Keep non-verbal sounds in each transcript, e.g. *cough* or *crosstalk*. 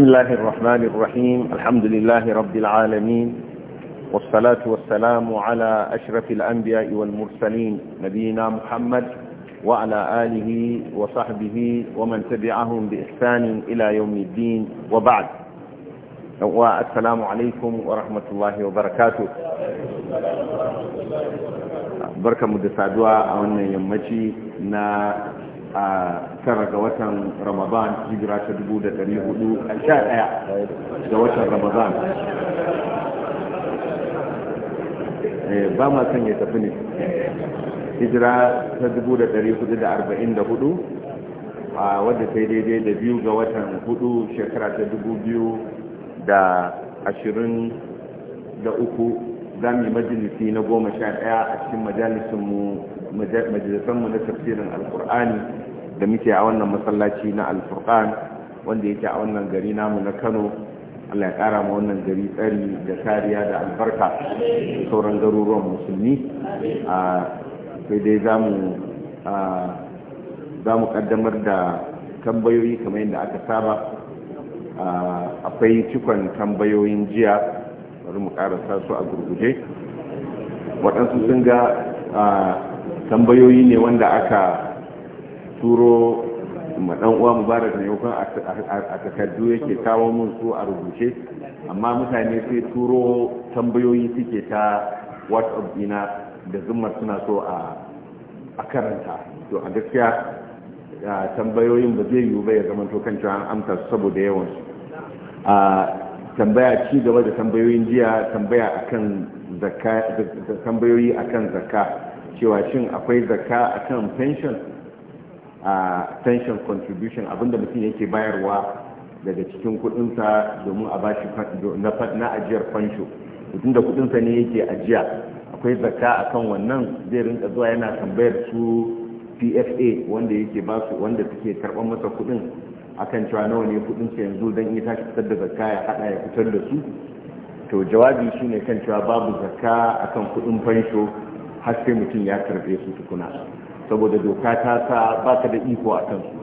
بسم الله الرحمن الرحيم الحمد لله رب العالمين والصلاة والسلام على أشرف الأنبياء والمرسلين نبينا محمد وعلى آله وصحبه ومن تبعهم بإحسان إلى يوم الدين وبعد والسلام عليكم ورحمة الله وبركاته بركة مدسادوا أولا يمجي a tara ga watan ramadan hijira ta dubu da dari hudu a sha daya ga watan ramadan eh, ba ma son ya tafi ne hijira ta dubu da dari hudu da arba'in da hudu a wadda ta daidai da biyu ga watan hudu shekara ta dubu biyu da ashirin da uku za mu yi majalisi na goma sha ɗaya a cikin majalisinmu majalisanmu na tafsirin alkur'ani da muke a wannan masallaci na alfurqan wanda yake a wannan gari namu na kano allah ya kara ma wannan gari tsari da kariya da albarka sauran garuruwan musulmi a sai dai za mu kaddamar da tambayoyi kamar yadda aka saba akwai cikon tambayoyin jiya bari mu karasa su a gurguje waɗansu sun ga tambayoyi ne wanda aka turo ma dan uwa mubarak ne yakon a takardu yake kawo mun su a rubuce amma mutane sai turo tambayoyi suke ta whatsapp dina da zuma suna so a karanta to a gaskiya tambayoyin ba zai yiwu ba ya zama kan cewa an amsa saboda yawan su a tambaya ci gaba da tambayoyin jiya tambaya akan zakka tambayoyi akan zakka cewa shin akwai zakka akan pension a pension contribution abinda mutum yake bayarwa daga cikin kudinsa domin a bashi na ajiyar fansho mutum da kudinsa ne yake ajiya akwai zakka kan wannan zai rinka zuwa yana tambayar su pfa wanda yake ba su wanda suke karban masa kudin akan cewa nawa ne kudin su yanzu don ya tashi fitar da zaka ya hada ya fitar da su to jawabi shine kan cewa babu zakka akan kudin fansho har sai mutum ya karbe su tukuna saboda doka ta sa ba ka da iko a kansu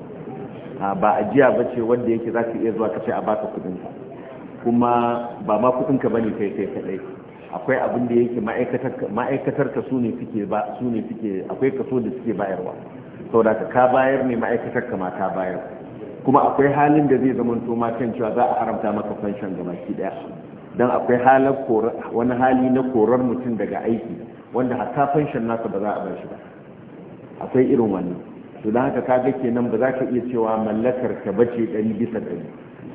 ba ajiya ba ce wanda yake za ka iya zuwa ka a baka kudinka kuma ba ma kudin ba ne kai kai kadai akwai abin da yake ma'aikatar ka su ne suke su suke akwai kaso da suke bayarwa saboda ka ka bayar ne ma'aikatar ka ma ta bayar kuma akwai halin da zai zama to ma kan cewa za a haramta maka fanshan ga maki daya dan akwai wani hali na korar mutum daga aiki wanda hatta fanshin nasa ba za a bar shi ba akwai irin wannan to da haka kaga kenan ba za ka iya cewa mallakar ka bace ɗari bisa ɗari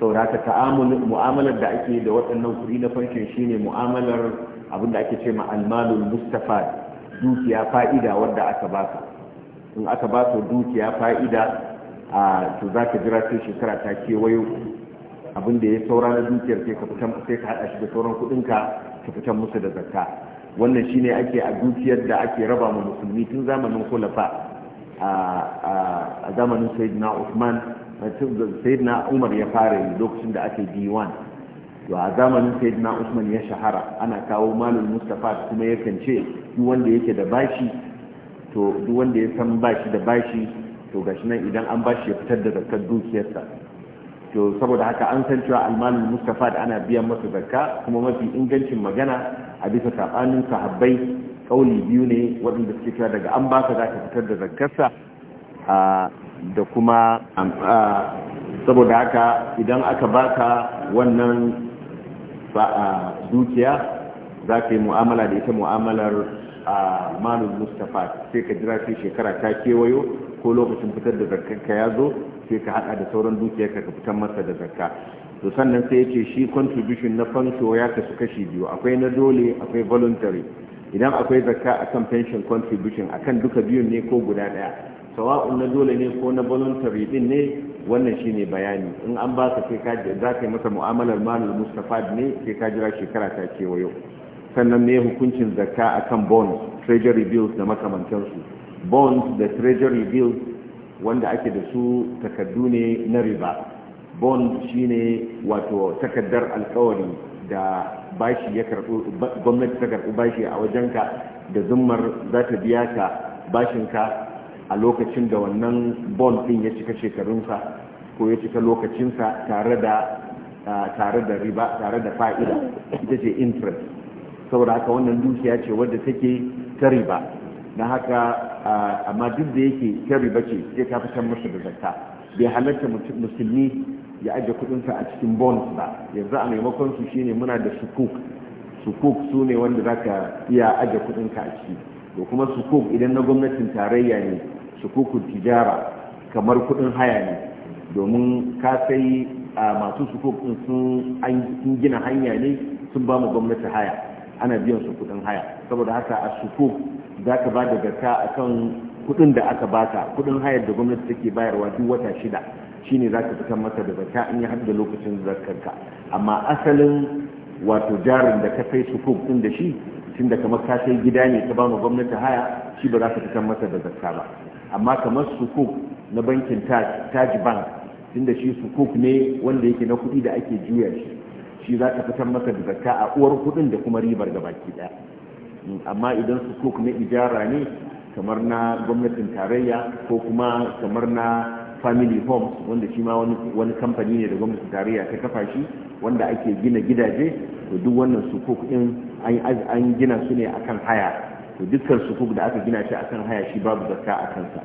saboda ka mu'amalar da ake da waɗannan kuɗi na fanshin shine mu'amalar abin da ake ce ma almalul mustafa dukiya fa'ida wadda aka baka in aka ba su dukiya fa'ida a to za ka jira sai shekara ta kewayo abin da ya saura na dukiyar sai ka fitan sai ka hada shi da sauran kuɗinka ka fitan musu da zakka wannan shine ake a dukiyar da ake raba mu musulmi tun zamanin khulafa a zamanin sayyidina Uthman sayyidina Umar ya fara yi lokacin da ake diwan to a zamanin sayyidina Usman ya shahara ana kawo malul Mustafa kuma ya ce duk wanda yake da bashi to duk wanda ya san bashi da bashi to gashi nan idan an bashi ya fitar da zakkar dukiyarsa to saboda haka an san cewa almalin mustafa da ana biyan masa zakka kuma mafi ingancin magana a bisa sabanin sahabbai kauli biyu ne waɗanda suke cewa daga an baka za fitar da zakkarsa da kuma saboda haka idan aka baka wannan dukiya za ka yi mu'amala da ita mu'amalar malul mustafa sai ka jira sai shekara ta kewayo ko lokacin fitar da zakkarka ya zo sai ka haɗa da sauran dukiya ka fitar masa da zakka to sannan sai yace shi contribution na fanto ya kasu kashi biyu akwai na dole akwai voluntary idan akwai zakka akan pension contribution akan duka biyun ne ko guda daya sawa'un na dole ne ko na voluntary din ne wannan shine bayani in an ba ka sai ka za ka masa mu'amalar malul mustafad ne sai ka jira shekara ta kewayo sannan ne hukuncin zakka akan bonds treasury bills da makamantansu bonds da treasury bills wanda ake da su takardu ne na riba bond shine wato takardar alkawari da bashi ya karbu gwamnati ta karbu bashi a wajenka da zummar za ta biya ka bashinka a lokacin da wannan bond din ya cika shekarunsa ko ya cika lokacinsa tare da tare da riba tare da fa'ida ita ce interest saboda haka wannan dukiya ce wadda take ta riba na haka amma duk da yake ta riba ce sai fitar musu da zakka bai halarta musulmi ya ajiye kudinsa a cikin bonds ba yanzu a maimakon su shine muna da sukuk sukuk su ne wanda zaka iya ajiye kudinka a ciki da kuma sukuk idan na gwamnatin tarayya ne sukukun tijara kamar kudin haya ne domin ka sai masu sukuk sun gina hanya ne sun ba mu gwamnati haya ana biyan su kudin haya saboda haka a suko za ka ba da gaska a kan kudin da aka baka kudin hayar da gwamnati take bayarwa duk wata shida shine za ka fitar masa da zakka in ya haɗu da lokacin zakkarka amma asalin wato jarin da ka kai sukuk din da shi tun da kamar ka sai gida ne ka ba mu gwamnati haya shi ba za ka fitar masa da zakka ba amma kamar sukuk na bankin taj bank tun da shi sukuk ne wanda yake na kuɗi da ake juya shi shi za ka fitar masa da zakka a uwar kuɗin da kuma ribar ga baki ɗaya amma idan su sukuk na ijara ne kamar na gwamnatin tarayya ko kuma kamar na family home wanda shi ma wani kamfani ne da gwamnatin tarayya ta kafa shi wanda ake gina gidaje to duk wannan su sukuk din an gina su ne akan haya to dukkan su sukuk da aka gina shi akan haya shi babu zakka a kansa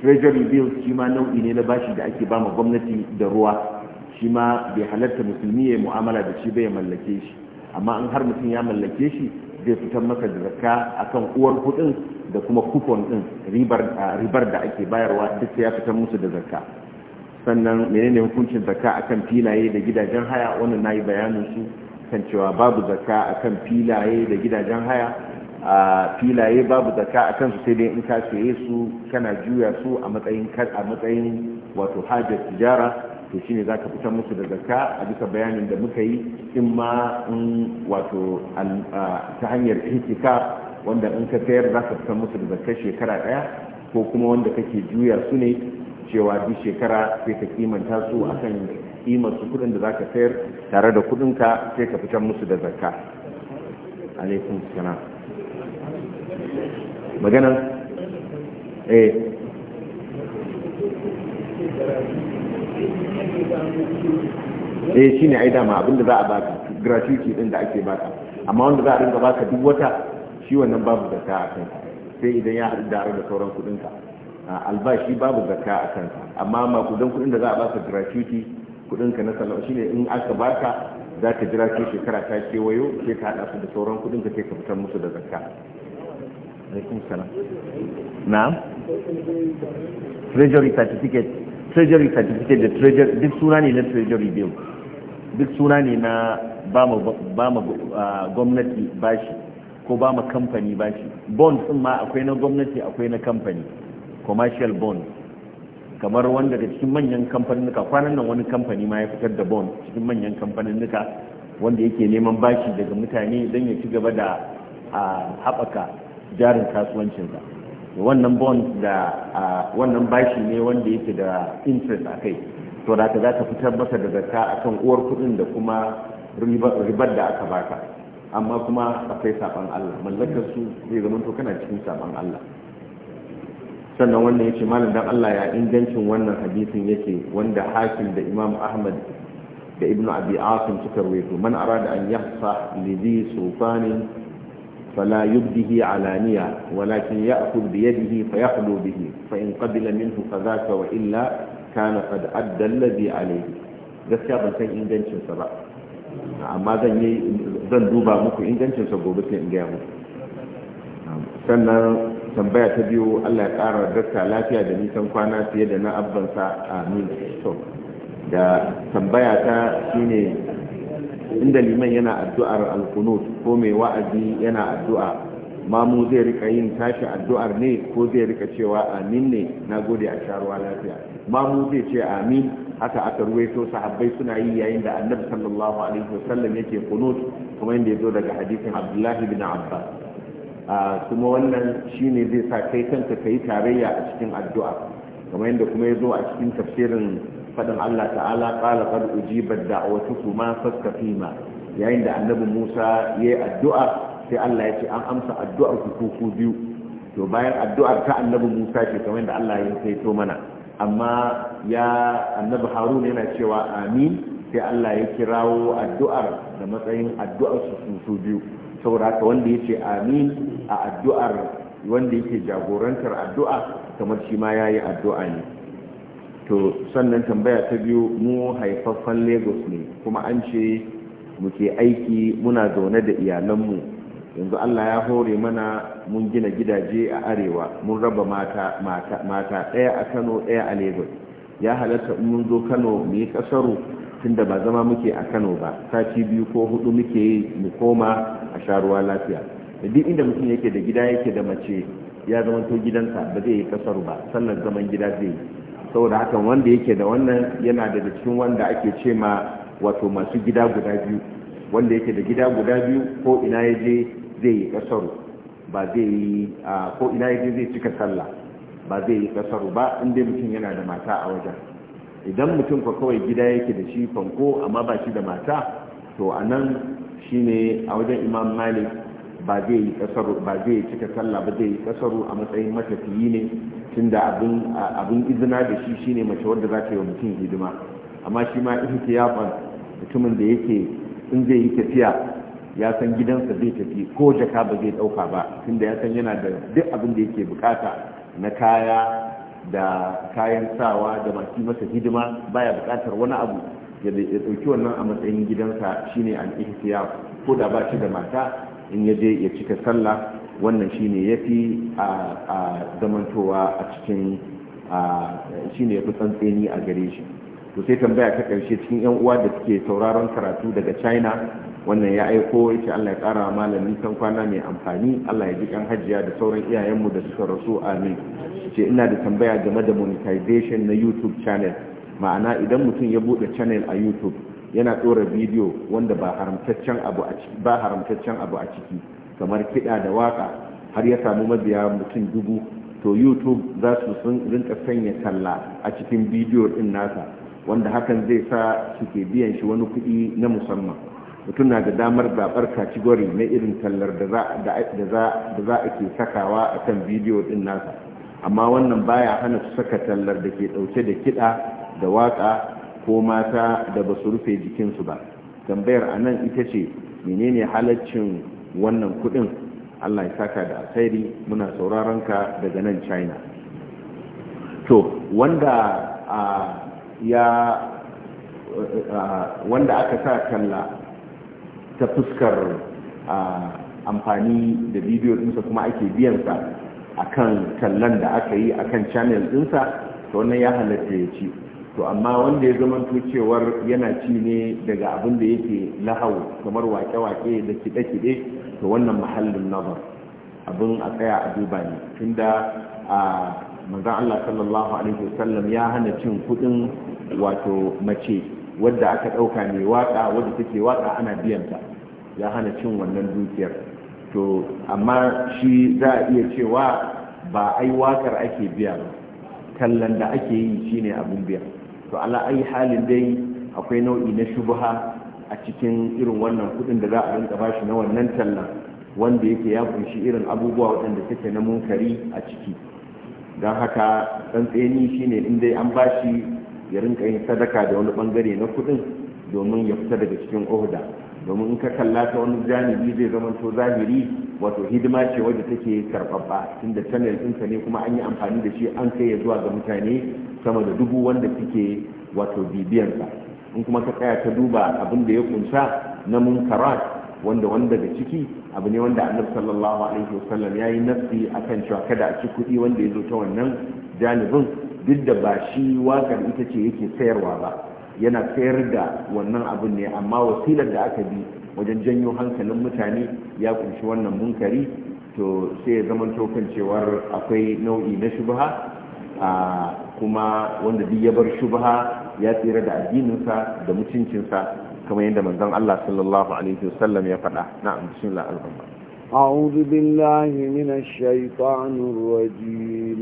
treasury bills shi ma nau'i ne na bashi da ake bama gwamnati da ruwa shi ma bai halarta musulmi ya mu'amala da shi bai mallake shi amma in har mutum ya mallake shi zai fitar masa da zakka kan uwar kuɗin da kuma kufon ɗin ribar da ake bayarwa duk ya fitar musu da zakka sannan menene hukuncin zakka kan filaye da gidajen haya wannan yi bayanin su kan cewa babu zakka kan filaye da gidajen haya a filaye babu zakka a su sai dai in ka saye su kana juya su a matsayin wato hajjar tijara to shi ne za ka fitar musu da zakka a duka bayanin da muka yi in ma in wato ta hanyar intika wanda in ka sayar za ka fitar musu da zakka shekara daya ko kuma wanda kake juya su ne cewa duk shekara sai ka kimanta su akan kimar su kuɗin da za ka sayar tare da kuɗinka sai ka fitar musu da zakka alaikum salam maganar eh eh shine ai dama abinda za a baka gratuity din da ake baka amma wanda za a dinga baka duk wata shi wannan babu zakka a kanka sai idan ya haɗu da da sauran kuɗin ka albashi babu zakka a kanka amma ma kudan kuɗin da za a baka gratuity kuɗin ka na sana'a shine in aka baka za ka jira sai shekara ta kewayo sai ka haɗa su da sauran kudin ka sai ka fitar musu da zakka alaikum salam na'am treasury certificate treasury certificate da treasury duk suna ne na treasury bill duk suna ne na ba ma ah, gwamnati bashi ko ba ma kamfani bashi bond din ma akwai na gwamnati akwai na kamfani commercial bond kamar wanda da cikin manyan kamfaninnuka kwanan nan wani kamfani ma ya fitar da bond cikin manyan kamfaninnuka wanda yake neman bashi daga mutane don ya ci gaba da ah, haɓaka jarin kasuwancinsa wannan bond da wannan bashi ne wanda yake da interest a kai to da ka za ka fitar masa da zakka kan uwar kuɗin da kuma ribar da aka baka amma kuma akwai saban Allah mallakar su zai zama to kana cikin saban Allah sannan wannan yace malam dan Allah ya ingancin wannan hadisin yake wanda hakim da Imam Ahmad da Ibn Abi Asim suka rawaito man arada an yahsa li sultanin فلا يبده علانية ولكن يأخذ بيده فيخلو به فإن قبل منه فذاك وإلا كان قد أدى الذي عليه gaskiya ban san ingancinsa ba amma zan duba muku ingancinsa gobe sai in gaya muku sannan tambaya ta biyu Allah ya ƙara dakta lafiya da nisan kwana fiye da na abbansa amin da tambaya ta shine inda liman yana addu'ar alkunut ko mai wa'azi yana addu'a mamu zai rika yin tashi addu'ar ne ko zai rika cewa amin ne na gode a sharuwa lafiya mamu zai ce amin haka aka ruwaito sahabbai suna yi yayin da annabi sallallahu alaihi wasallam yake kunut kuma inda ya zo daga hadisin abdullahi bin abbas kuma wannan shine zai sa kai kanka kai tarayya a cikin addu'a kamar yadda kuma ya zo a cikin tafsirin faɗin Allah ta'ala qala qad ujibat da'watukuma fastakima yayin da annabi Musa yayi addu'a sai Allah ya ce an amsa addu'ar ku ku biyu to bayan addu'ar ta annabi Musa ce kamar da Allah ya sai to mana amma ya annabi Harun yana cewa amin sai Allah ya kirawo addu'ar da matsayin addu'ar su su biyu saboda haka wanda ya ce amin a addu'ar wanda yake jagorantar addu'a kamar shi ma ya yi addu'a ne to sannan tambaya ta biyu mu haifaffan lagos ne kuma an ce muke aiki muna zaune da iyalanmu yanzu allah ya hore mana mun gina gidaje a arewa mun raba mata mata ɗaya a kano ɗaya a lagos ya halatta mun zo kano mu yi ƙasaru tunda ba zama muke a kano ba sati biyu ko hudu muke yi mu koma a sharuwa lafiya da duk inda mutum yake da gida yake da mace ya zama to gidansa ba zai yi kasaru ba sannan zaman gida zai yi saboda haka wanda yake da wannan yana da cikin wanda ake ce ma wato masu gida guda biyu wanda yake da gida guda biyu ko ina ya je zai yi kasaru ba zai yi ko ina ya je zai cika sallah ba zai yi kasaru ba inda mutum yana da mata a wajen idan mutum ko kawai gida yake da shi fanko amma ba shi da mata to a nan shine a wajen imam malik ba zai yi kasaru ba zai yi cika sallah ba zai yi kasaru a matsayin matafiyi ne tunda abin abin izina da shi shine mace wanda za ta yi mutum hidima amma shi ma yafan mutumin da yake in zai yi tafiya ya san gidansa zai tafi ko jaka ba zai dauka ba tunda ya san yana da duk abin da yake bukata na kaya da kayan sawa da masu masa hidima baya bukatar wani abu ya dauki wannan a matsayin gidansa shine al-ihtiyaf ko da ba shi da mata in ya je ya cika sallah wannan shine fi a zamantowa a cikin shine fi tsantseni a gare shi to sai tambaya ta karshe cikin yan uwa da suke sauraron karatu daga China wannan ya aiko yace Allah ya kara malamin san kwana mai amfani Allah ya ji kan hajjiya da sauran iyayenmu da suka rasu amin ce ina da tambaya game da monetization na YouTube channel ma'ana idan mutum ya buɗe channel a YouTube yana tsora bidiyo wanda ba haramtaccen abu a ciki kamar kiɗa da waka har ya samu mabiya mutum dubu to youtube za su sun rinka sanya talla a cikin bidiyo din nasa wanda hakan zai sa suke biyan shi wani kuɗi na musamman mutum na da damar zaɓar kacigori na irin tallar da za a ke sakawa a kan bidiyo ɗin nasa amma wannan baya hana su saka tallar da ke ɗauke da kiɗa da waƙa ko mata da ba su rufe jikinsu ba tambayar a nan ita ce menene halaccin wannan kudin allah ya saka da alkhairi muna sauraron ka daga nan china to wanda ya wanda aka sa kalla ta fuskar amfani da bidiyo ɗinsa kuma ake biyansa a kan kallon da aka yi a kan channel ɗinsa to wannan ya halatta ya ci to amma wanda ya zama cewar yana ci ne daga abin da yake lahau kamar wake-wake da kiɗe-kiɗe to wannan mahallin nazar abin a tsaya a duba ne tunda a manzan Allah sallallahu alaihi wasallam ya hana cin kudin wato mace wadda aka ɗauka mai waƙa wadda take waka ana biyan biyanta ya hana cin wannan dukiyar to amma shi za a iya cewa ba ai waƙar ake biya ba kallon da ake yi shine abin biya to ala ayi halin dai akwai nau'i na shubha a cikin irin wannan kudin da za a rinka bashi na wannan tallan wanda yake ya kunshi irin abubuwa waɗanda take na munkari a ciki don haka tsantseni shine in dai an bashi ya rinka yin sadaka da wani bangare na kudin domin ya fita daga cikin ohuda domin in ka kalla ta wani janibi zai zama to zahiri wato hidima ce wadda take karbabba tunda channel ɗinsa ne kuma an yi amfani da shi an kai ya zuwa ga mutane sama da dubu wanda suke wato bibiyansa in kuma ka tsaya ta duba abin da ya kunsa na munkarat wanda wanda daga ciki abu ne wanda annabi sallallahu alaihi wasallam yayi nafsi akan cewa kada a ci kuɗi wanda ya zo ta wannan janibin duk da ba shi wakar ita ce yake sayarwa ba yana tsayar da wannan abin ne amma wasilar da aka bi wajen janyo hankalin mutane ya kunshi wannan munkari to sai ya zama kan cewar akwai nau'i na shubha a kuma wanda duk ya bar shubha ya tsira da addininsa da mutuncinsa kamar yadda manzon Allah sallallahu alaihi wasallam ya faɗa na bismillah al أعوذ بالله من الشيطان الرجيم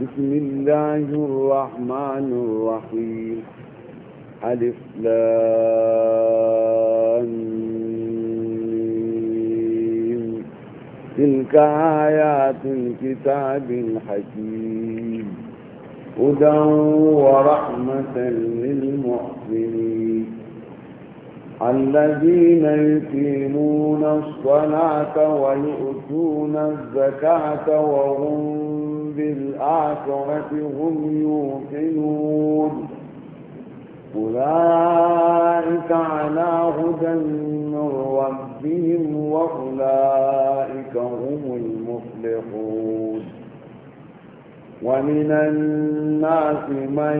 بسم الله الرحمن الرحيم ألف لام تلك آيات الكتاب الحكيم هدى ورحمة للمحسنين الذين يقيمون الصلاة ويؤتون الزكاة وهم بالآخرة هم يوقنون أولئك على هدى من ربهم وأولئك هم المفلحون ومن الناس من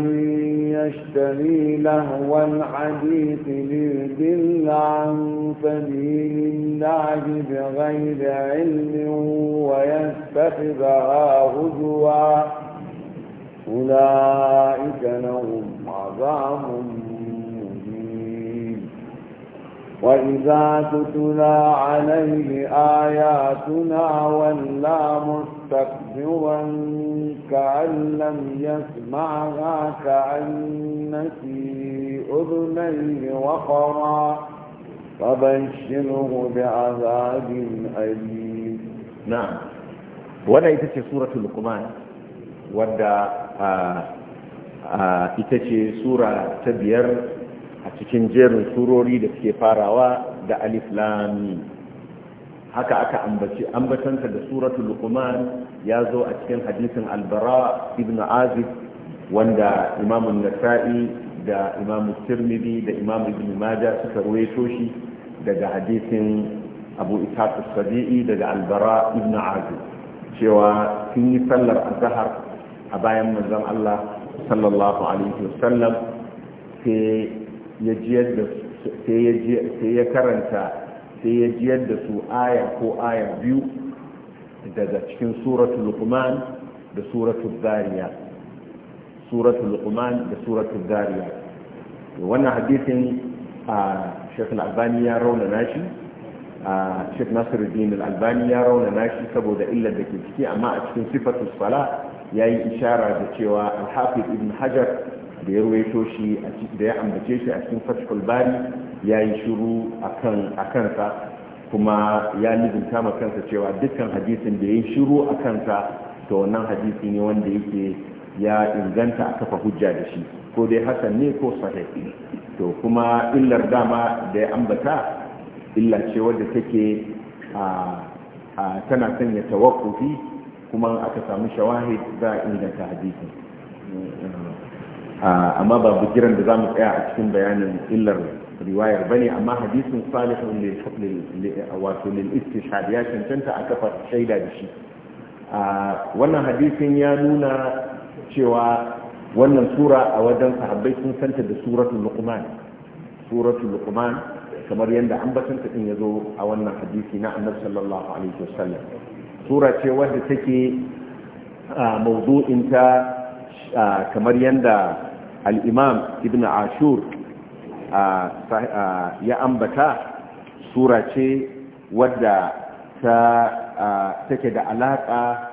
يشتري لهو الحديث ليضل عن سبيل الله بغير علم ويتخذها هزواً أولئك لهم عذاب مهين وإذا تتلى عليه آياتنا ولى مستكبرا كأن لم يسمعها كأن في أذنيه وقرا فبشره بعذاب أليم نعم ولا يتسي سورة لقمان wadda ita ce sura ta biyar a cikin jerin surori da suke farawa da alif lami haka aka ambaci ambatanta da suratul luqman ya zo a cikin hadisin albara ibn azib wanda imamin nasa'i da imamun tirmidhi da imam ibn maja suka ruwaito shi daga hadisin abu ishaq as daga albara ibn azib cewa sun yi sallar azhar a bayan manzon Allah sallallahu alaihi wasallam sai ya sai ya karanta sai ya jiyar da su aya ko aya biyu daga cikin suratul luqman da suratul zariya suratul luqman da suratul zariya wannan hadisin a shekul albani ya rauna nashi. a shek nasiruddin albani ya rauna nashi saboda illar da ke ciki amma a cikin sifatul sala ya yi ishara da cewa alhafiz ibn hajar da ya ruwaito shi da ya ambace shi a cikin fathul bari ya yi shiru a kansa kuma ya nizinta ma kansa cewa dukkan hadisin da ya yi shiru a kansa to wannan hadisi ne wanda yake ya inganta a kafa hujja da shi ko dai hasan ne ko sahih to kuma illar dama da ya ambata illa ce wadda take tana sanya tawakkufi kuma aka samu shawahid za a inganta hadisin ah, amma ba bugiran da za mu tsaya a cikin bayanin illar riwayar bane amma hadisin salihun wato lil istishhad ya cancanta a kafa shaida da shi ah, wannan hadisin ya nuna cewa wannan sura a wajen sahabbai sun santa da suratul luqman suratul luqman kamar yadda an batanta ya zo a wannan hadisi na annabi sallallahu alaihi wasallam sura ce wadda take ta kamar yadda al'imam ibn ashur ya ambata sura ce wadda ta take da alaƙa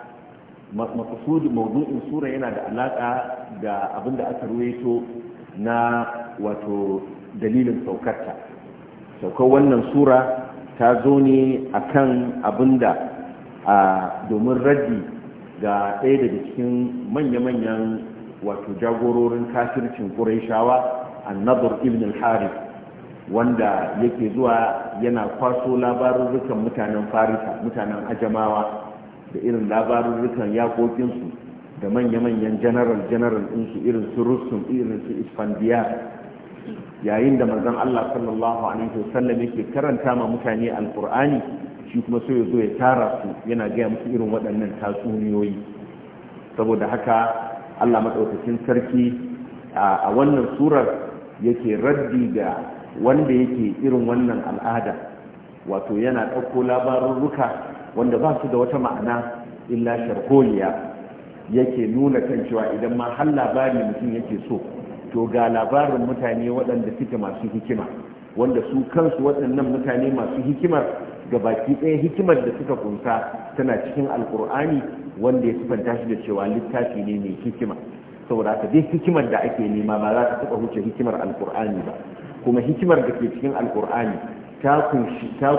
makasudin mawudu'in sura yana da alaƙa da abinda aka ruweto na wato dalilin saukarta saukar wannan sura ta zo ne akan abinda a domin raddi ga ɗaya daga cikin manya-manyan wato jagororin kafircin ƙuraishawa annabar ibn al-harith wanda yake zuwa yana kwaso labarurrukan mutanen farisa mutanen ajamawa da irin labarurrukan yakokinsu da manya-manyan general-general ɗinsu irin su rustum irin su isfandiyar yayin da manzon Allah sallallahu alaihi wasallam yake karanta ma mutane alkur'ani shi kuma sai ya zo ya tara su yana gaya musu irin waɗannan tatsuniyoyi saboda haka allah maɗaukacin sarki a wannan surar yake raddi ga wanda yake irin wannan al'ada wato yana ɗauko labarurruka wanda ba su da wata ma'ana illa sharholiya yake nuna kan cewa idan ma har labari mutum yake so to ga labarin mutane waɗanda suke masu hikima wanda su kansu waɗannan mutane masu hikimar gabaki ɗaya hikimar da suka kunsa tana cikin alkur'ani wanda ya sifanta shi da cewa littafi ne mai hikima saboda haka dai hikimar da ake nema ba za ta taɓa huce hikimar alkur'ani ba kuma hikimar da ke cikin alkur'ani ta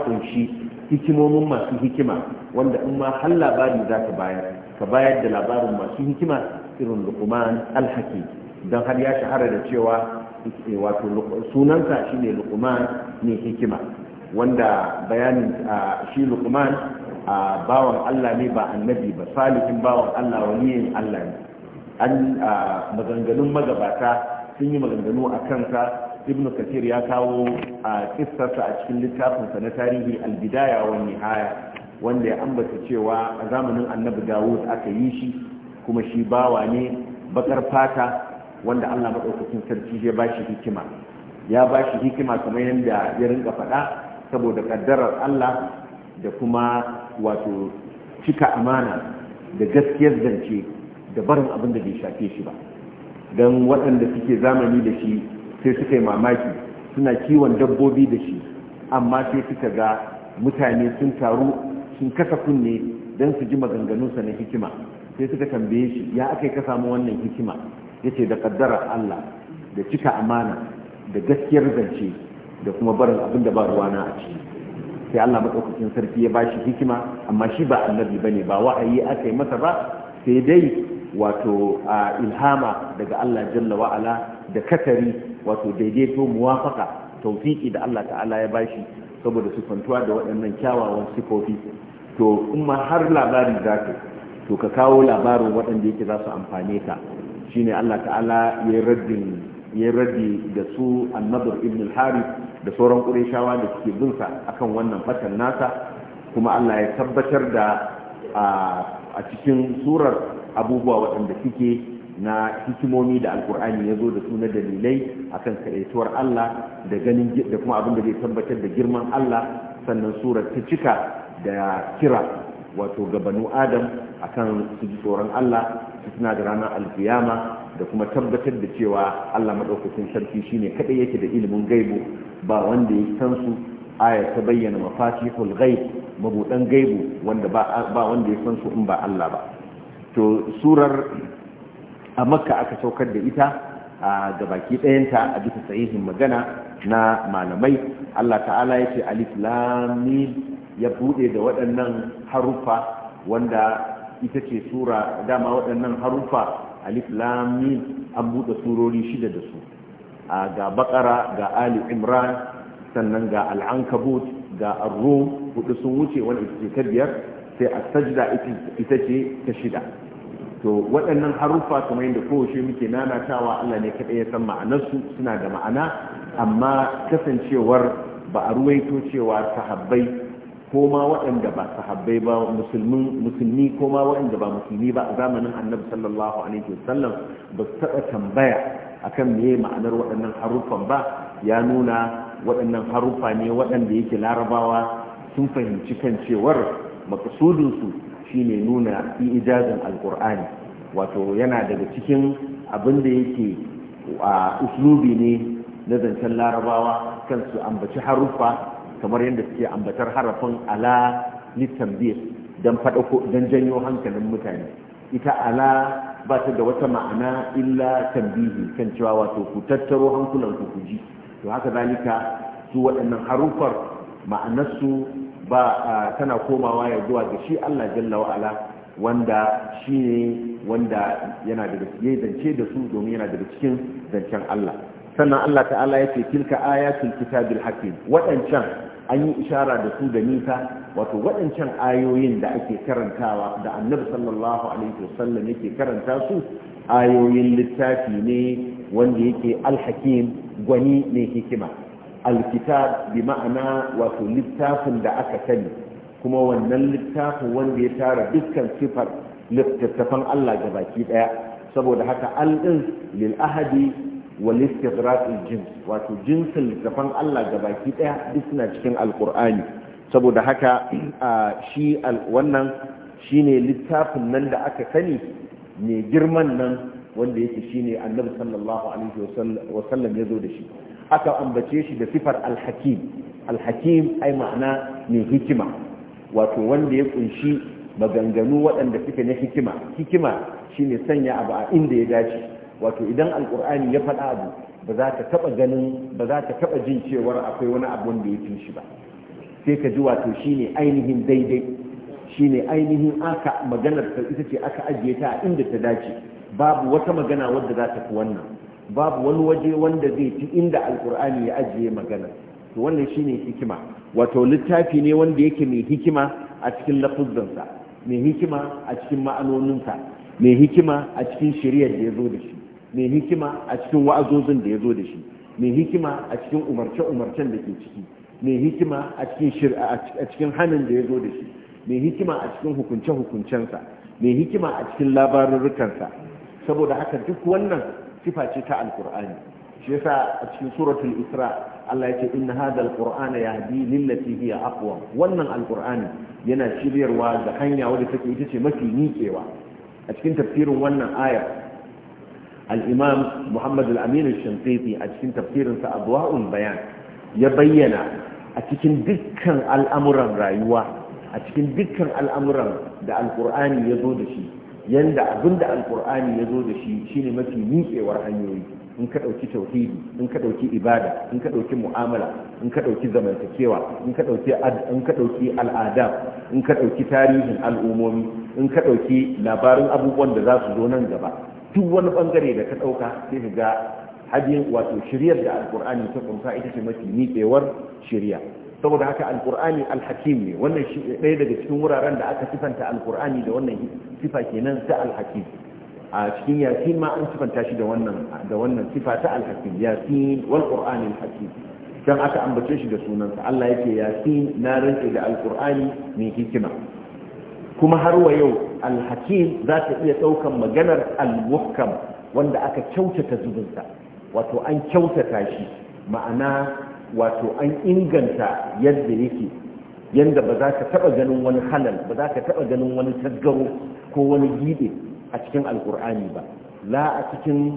kunshi hikimomin masu hikima wanda in ma har labari za ka bayar ka bayar da labarin masu hikima irin lukuman alhaki don har ya shahara da cewa eh, wato sunansa shine lukuman mai hikima wanda bayanin shi lukman a bawan allah ne ba annabi ba salihin bawan allah yin allah ne an maganganun magabata sun yi maganganu a kansa ibn kathir ya kawo a kistarsa a cikin littafinsa na tarihi albidaya wani haya wanda ya ambata cewa a zamanin annabi dawud aka yi shi kuma shi bawa ne bakar fata wanda allah maɗaukakin sarki ya ba shi hikima ya ba shi hikima kamar yadda ya rinka faɗa saboda kaddarar Allah da kuma wato cika amana da gaskiyar zance da barin abin da bai shafe shi ba don waɗanda suke zamani da shi sai suka yi mamaki suna kiwon dabbobi da shi amma sai suka ga mutane sun taru sun kasa kunne don su ji maganganunsa na hikima sai suka tambaye shi ya aka ka samu wannan hikima ya da kaddarar Allah da cika amana da gaskiyar zance da kuma barin abin da ba ruwana a ciki sai Allah madaukakin sarki ya ba shi hikima amma shi ba annabi ne ba wa'ayi aka yi masa ba sai dai wato ilhama daga Allah jalla wa'ala da katari wato daidaito muwafaka tawfiki da Allah ta'ala ya ba shi saboda su kwantuwa da waɗannan kyawawan sifofi to in ma har labari za to ka kawo labarin waɗanda yake za su amfane ka shine Allah ta'ala ya yi ya raddi da su annabar ibn al-harith da sauran ƙurishawa da suke bin sa akan wannan fatan nasa kuma Allah ya tabbatar da a cikin surar abubuwa waɗanda suke na hikimomi da alkur'ani ya zo da su na dalilai akan kaɗaituwar Allah da ganin da kuma abin da zai tabbatar da girman Allah sannan surar ta cika da kira wato gabanu adam akan su ji tsoron Allah su suna da ranar alkiyama da kuma tabbatar da cewa Allah maɗaukacin sarki shine kaɗai yake da ilimin gaibu ba wanda ya san su aya ta bayyana mafatihul ghaib mabudan gaibu wanda ba wanda ya san su in ba Allah ba to surar a makka aka saukar da ita a gabaki ɗayanta a bisa sahihin magana na malamai Allah ta'ala ya ce alif lam ya buɗe da waɗannan haruffa wanda ita ce sura dama waɗannan haruffa alif lam an buɗe surori shida da su ga baqara ga ali imran sannan ga al-ankabut ga ar-rum hudu sun wuce wani ita ce biyar sai a sajda ita ce ta shida to waɗannan haruffa kuma yadda kowace muke nanatawa Allah ne kaɗai ya san ma'anarsu suna da ma'ana amma kasancewar ba a ruwaito cewa sahabbai ko ma waɗanda ba sahabbai ba musulmi ko ma waɗanda ba musulmi ba a zamanin annabi sallallahu alaihi wasallam ba su taɓa tambaya akan meye ma'anar waɗannan haruffan ba ya nuna waɗannan haruffa ne waɗanda yake larabawa sun fahimci kan cewar makasudinsu shine nuna ijazin alkur'ani wato yana daga cikin abin da yake a uslubi ne na zancen larabawa kan su ambaci haruffa kamar yadda suke ambatar harafin ala litambir don faɗaƙo don janyo hankalin mutane ita ala ba ta da wata ma'ana illa tambihi kan cewa wato ku tattaro hankulan ku ji to haka zalika su waɗannan harufar ma'anarsu ba tana komawa ya zuwa ga shi Allah jalla wa'ala wanda shi ne wanda yana daga ya zance da su domin yana daga cikin zancen Allah sannan Allah ta'ala ya ce tilka ayatul kitabil hakim waɗancan an yi ishara da su da nisa wato waɗancan ayoyin da ake karantawa da annabi sallallahu alaihi wasallam yake karanta su ayoyin littafi ne wanda yake alhakim gwani ne hikima alkitab bi ma'ana wato littafin da aka sani kuma wannan littafin wanda ya tara dukkan sifar littattafan Allah gabaki daya saboda haka al'in lil ahadi والاستغراق الجنس واتو جنس لتفن الله جباكي ده بسنا cikin alqur'ani saboda haka shi wannan shine littafin nan da aka sani ne girman nan wanda yake shine annabi sallallahu alaihi wasallam ya zo da shi aka ambace shi da sifar alhakim alhakim ai ma'ana ne hikima wato wanda ya kunshi maganganu waɗanda suke na hikima hikima shine sanya abu a inda ya dace wato idan alkur'ani ya faɗa abu ba za ka taɓa ganin ba za ka taɓa jin cewar akwai wani abu da ya fi shi ba sai ka ji wato shine ainihin daidai shine ainihin aka maganar ta ita ce aka ajiye ta a inda ta dace babu wata magana wadda za ta fi wannan babu wani waje wanda zai fi inda alkur'ani ya ajiye magana to wannan shine hikima wato littafi ne wanda yake mai hikima a cikin lafuzzansa mai hikima a cikin ma'anoninsa mai hikima a cikin shari'ar da ya zo da shi mai hikima a cikin wa'azozin da ya zo da shi mai hikima a cikin umarce-umarcen da ke ciki mai hikima a cikin a cikin hannun da ya zo da shi mai hikima a cikin hukunce-hukuncensa mai hikima a cikin labarurrukansa saboda haka duk wannan sifa ce ta alkur'ani shi yasa a cikin suratul isra Allah ya ce inna hadha alqur'ana yahdi lillati hiya aqwa wannan alqur'ani yana shiryarwa da hanya wadda take ita ce mafi niƙewa. a cikin tafsirin wannan ayar al-imam muhammad al-amin al-shanqiti a cikin tafsirinsa adwa'ul bayan ya bayyana a cikin dukkan al'amuran rayuwa a cikin dukkan al'amuran da Alƙur'ani ya zo da shi yanda abin da alkur'ani ya zo da shi shine mafi miƙewar hanyoyi in ka ɗauki tauhidi in ka ɗauki ibada in ka ɗauki mu'amala in ka ɗauki zamantakewa in ka ɗauki in al'ada in ka ɗauki tarihin al'umomi in ka ɗauki labarin abubuwan da za su zo nan gaba duk wani bangare da ka ɗauka sai ka ga hadin wato shiryar da alkur'ani ta kunsa ita ce mafi nitsewar shirya saboda haka alkur'ani alhakim ne wannan shi ɗaya daga cikin wuraren da aka sifanta alkur'ani da wannan sifa kenan ta alhakim a cikin yasin ma an sifanta shi da wannan da wannan sifa ta alhakim yasin wal qur'ani alhakim dan aka ambace shi da sunansa Allah yake yasin na rantsi da alkur'ani mai hikima kuma har wa yau alhakim za ta iya ɗaukan maganar almuhkam wanda aka kyautata zubinsa wato an kyautata shi ma'ana wato an inganta yadda yake yadda ba za ka taɓa ganin wani halal ba za ka taɓa ganin wani tasgaro ko wani gibe a cikin alkur'ani ba la a cikin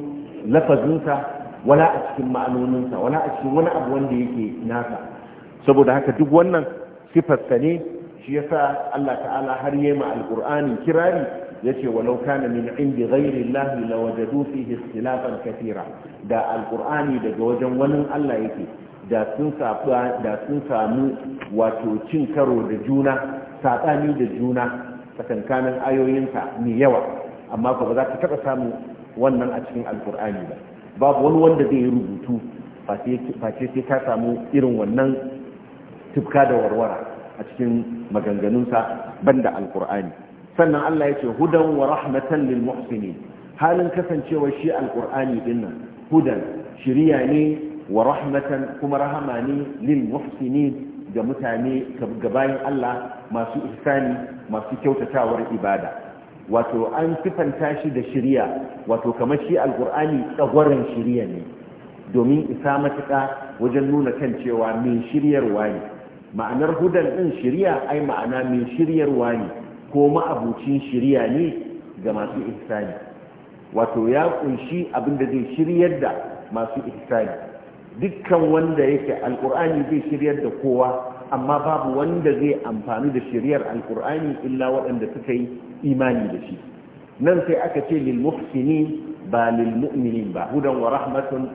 lafazinsa wala a cikin ma'anoninsa wala a cikin wani abu wanda yake nasa saboda haka duk wannan sifarsa ne shi sa Allah ta'ala har yi ma alqur'ani kirari yace walau kana min indi ghairi la lawajadu fihi ikhtilafan katira? da Alƙur'ani daga wajen wani Allah yake da sun da sun samu wato cin karo da juna saɓani da juna tsakankanin ayoyinsa mai yawa amma ba za ka taɓa samu wannan a cikin alkur'ani ba babu wani wanda zai yi rubutu face sai ka samu irin wannan tufka da warwara a cikin maganganunsa banda alkur'ani sannan Allah ya ce hudan wa rahmatan lil muhsini halin kasancewa shi alkur'ani dinnan hudan shiriya ne wa rahmatan kuma rahama ne lil muhsini ga mutane ga bayan Allah masu ihsani masu kyautatawar ibada wato an sifanta shi da shiriya wato kamar shi alkur'ani tsagwaron shiriya ne domin isa matuƙa wajen nuna kan cewa mai shiryarwa ne ma'anar hudan ɗin shirya ai ma'ana mai shiryarwa ne ko ma'abucin shirya ne ga masu ihsani wato ya kunshi abin da zai shiryar da masu ihsani dukkan wanda yake alkur'ani zai shiryar da kowa amma babu wanda zai amfani da shiryar alkur'ani illa waɗanda suka yi imani da shi nan sai aka ce lil muhsinin ba lil mu'minin ba hudan wa rahmatun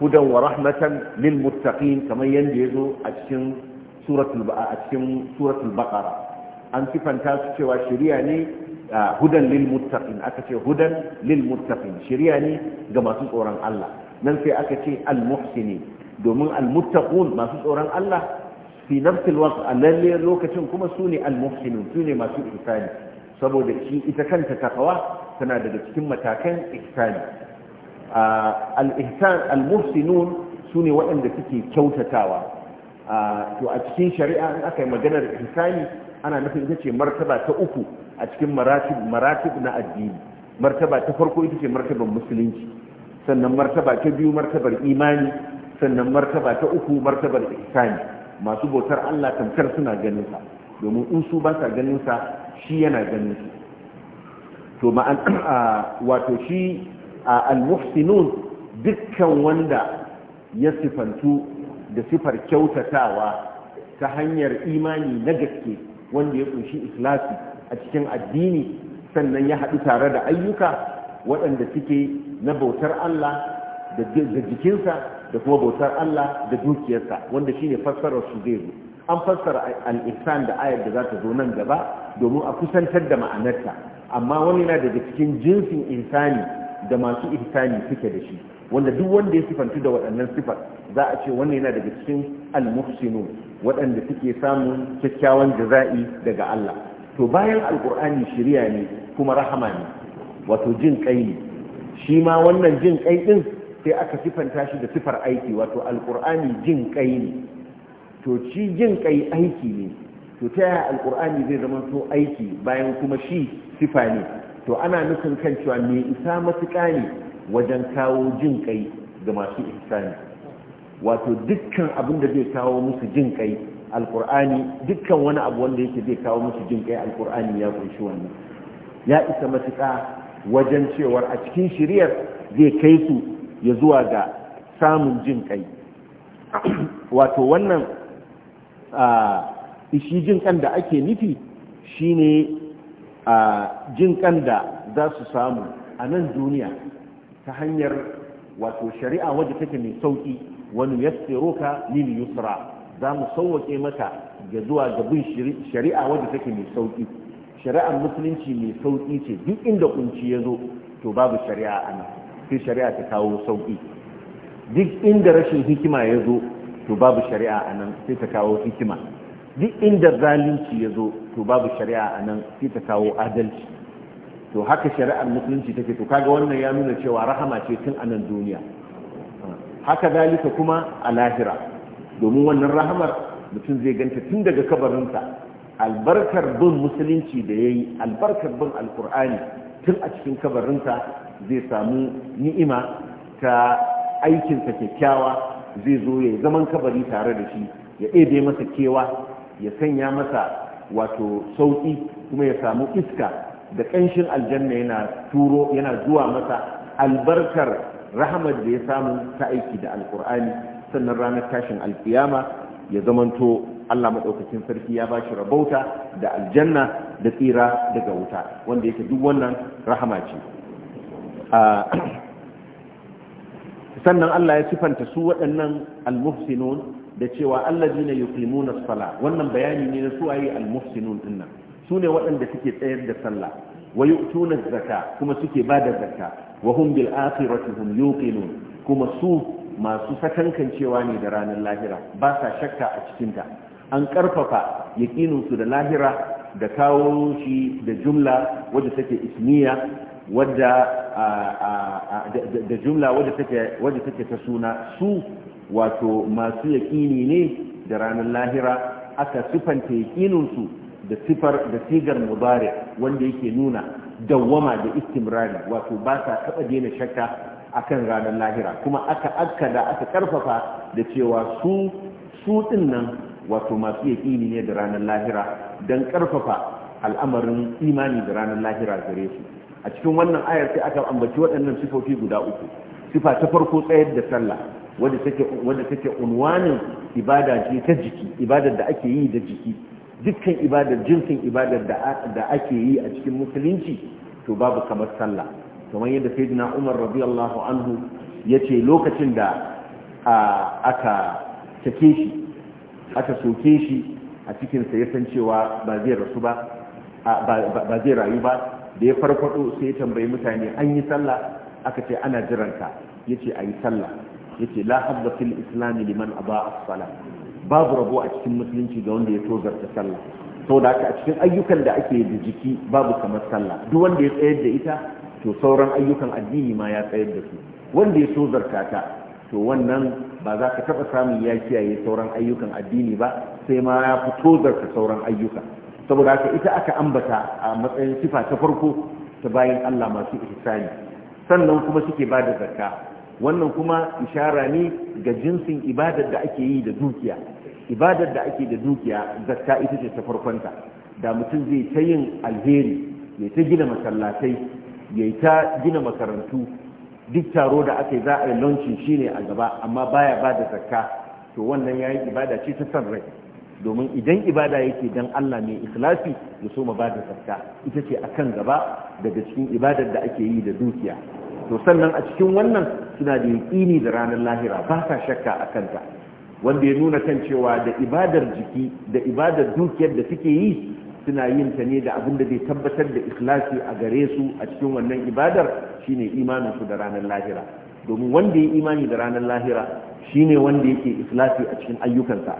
hudan wa rahmatan lil muttaqin kamar yanda yazo a cikin suratul a cikin suratul baqara an sifanta su cewa shari'a ne hudan lil muttaqin aka ce hudan lil muttaqin ne ga masu tsoron Allah nan sai aka ce al muhsini domin al muttaqun masu tsoron Allah fi nafsil waqt lalle lokacin kuma su ne al muhsinun su ne masu ihsani saboda shi ita kanta takawa tana daga cikin matakan ihsani al-ihsan al-muhsinun sune waɗanda suke kyautatawa to a cikin shari'a in aka yi maganar ihsani ana nufin ita ce martaba ta uku a cikin maratib maratib na addini martaba ta farko ita ce martabar musulunci sannan martaba ta biyu martabar imani sannan martaba ta uku martabar ihsani masu bautar Allah tamkar suna ganin sa domin in su ba sa ganin sa shi yana ganin su to ma'an wato shi a al-muhsinun dukkan wanda ya sifantu da sifar kyautatawa ta hanyar imani na gaske wanda ya kunshi ikhlasi a cikin addini sannan ya haɗu tare da ayyuka waɗanda suke na bautar Allah da jikinsa da kuma bautar Allah da dukiyarsa wanda shine fassarar su zai zo an fassara al-ihsan da ayar da za ta zo nan gaba domin a kusantar da ma'anarta amma wani na daga cikin jinsin insani da masu ihsani suke da shi wanda duk wanda ya sifantu da waɗannan sifar za a ce wannan yana daga cikin al muhsinu waɗanda suke samun kyakkyawan jaza'i daga Allah to bayan alqur'ani shiriya ne kuma rahama ne wato jin kai ne shi ma wannan jin kai din sai aka sifanta shi da sifar aiki wato alqur'ani jin kai ne to shi jin kai aiki ne to ta yaya alqur'ani zai zama to aiki bayan kuma shi sifa ne to ana nufin kan cewa me isa matuƙa ne wajen kawo jin kai ga masu ihsani wato dukkan abin da zai kawo musu jin kai alkur'ani dukkan wani abu wanda yake zai kawo musu jin kai alkur'ani ya kunshi wannan ya isa matuƙa wajen cewar a cikin shiriyar zai kai su ya zuwa ga samun jin kai *clears throat* wato wannan ah, shi jin kan da ake nufi shine a jin kan za su samu a nan duniya ta hanyar wato shari'a wadda take mai sauki wani ya roka lil yusra za mu sauwake maka ga zuwa ga bin shari'a wadda take mai sauƙi shari'ar musulunci mai sauƙi ce duk inda kunci ya zo to babu shari'a a nan sai shari'a ta kawo sauki duk inda rashin hikima ya zo to babu shari'a a nan sai ta kawo hikima duk inda zalunci ya zo to babu shari'a a nan sai ta kawo adalci to haka shari'ar musulunci take to kaga wannan ya nuna cewa rahama ce tun a nan duniya haka zalika kuma a lahira domin wannan rahamar mutum zai ganta tun daga kabarinsa albarkar bin musulunci da ya yi albarkar bin alkur'ani tun a cikin kabarinsa zai samu ni'ima ta aikinsa kyakkyawa zai zo ya zaman kabari tare da shi ya ɗebe masa kewa ya sanya masa wato sauki kuma ya samu iska da ƙanshin aljanna yana turo yana zuwa masa albarkar rahamar da ya samu ta aiki da alkur'ani sannan ranar tashin alkiyama ya zamanto Allah maɗaukacin sarki ya bashi rabauta da aljanna da tsira daga wuta wanda yake duk wannan rahama ce sannan Allah ya sifanta su waɗannan almuhsinun da cewa allazina yuqimuna as-sala wannan bayani ne na suwaye al-muhsinun sune waɗanda suke tsayar da sallah wa yu'tuna az-zaka kuma suke bada zakka wa hum bil akhirati hum yuqinun kuma su masu sakankancewa ne da ranar lahira ba sa shakka a cikin ta an karfafa yaqinin su da lahira da kawo shi da jumla wadda take ismiya wadda da jumla wadda take wadda take ta suna su wato masu yaƙini ne da ranar lahira aka sifanta yaƙininsu da sifar da sigar mubare wanda yake nuna dawwama da istimrari wato ba sa taɓa daina shakka akan ranar lahira kuma aka akkada aka karfafa da cewa su su nan wato masu yaƙini ne da ranar lahira don karfafa al'amarin imani da ranar lahira gare su a cikin wannan ayar sai aka ambaci waɗannan sifofi guda uku sifa ta farko tsayar da sallah wadda take wadda take unwanin ibada ce ta jiki ibadar da ake yi da jiki dukkan ibadar jinsin ibadar da ake yi a cikin musulunci to babu kamar sallah kamar yadda sayyidina Umar radiyallahu anhu yace lokacin da aka take shi aka soke shi a cikinsa ya san cewa ba zai rasu ba ba zai rayu ba da ya farfado sai ya tambayi mutane an yi sallah aka ce ana jiranta ya ce a yi sallah yace la hadda fil islam liman aba as-sala babu rabo a cikin musulunci ga wanda ya tozarta sallah da haka a cikin ayyukan da ake da jiki babu kamar sallah duk wanda ya tsayar da ita to sauran ayyukan addini ma ya tsayar da su wanda ya tozarta ta to wannan ba za ka taɓa samun ya kiyaye sauran ayyukan addini ba sai ma ya fi tozarta sauran ayyuka saboda haka ita aka ambata a matsayin sifa ta farko ta bayan Allah masu ihsani sannan kuma suke ba da zakka wannan kuma ishara ne ga jinsin ibadar da ake yi da dukiya ibadar da ake da dukiya zakka ita ce ta farkonta da mutum zai ta yin alheri ya ta gina masallatai ya ta gina makarantu duk taro da aka za a yi launcin shi ne a gaba amma baya ba da zakka to wannan ya yi ibada ce ta san rai domin idan ibada yake dan Allah mai ikhlasi ya so ma ba da zakka ita ce akan gaba daga cikin ibadar da ake yi da dukiya to sannan a cikin wannan suna da yaƙini da ranar lahira ba sa shakka a kanta wanda ya nuna kan cewa da ibadar jiki da ibadar dukiyar da suke yi suna yin ta ne da abin da zai tabbatar da ikhlasi a gare su a cikin wannan ibadar shine imanin su da ranar lahira domin wanda ya imani da ranar lahira shine wanda yake ikhlasi a cikin ayyukansa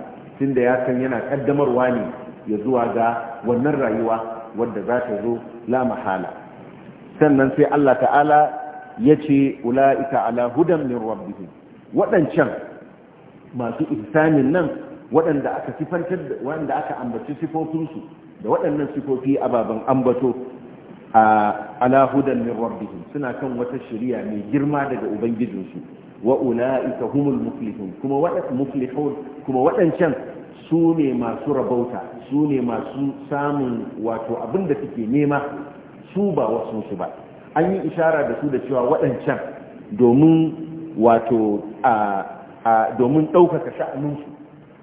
da ya san yana kaddamarwa ne ya zuwa ga wannan rayuwa wadda za ta zo la mahala sannan sai Allah ta'ala Ya yace ulaika ala hudan min rabbihim waɗancan masu ihsanin nan waɗanda aka sifantar wanda aka ambaci sifofinsu da waɗannan sifofi ababan ambato ala hudan min rabbihim suna kan wata shari'a mai girma daga ubangijinsu wa ulaika humul muflihun kuma wadat muflihun kuma wadancan su ne masu rabauta su ne masu samun wato abin da suke nema su ba wasu su ba an yi ishara da su da cewa waɗancan domin wato a domin ɗaukaka sha'aninsu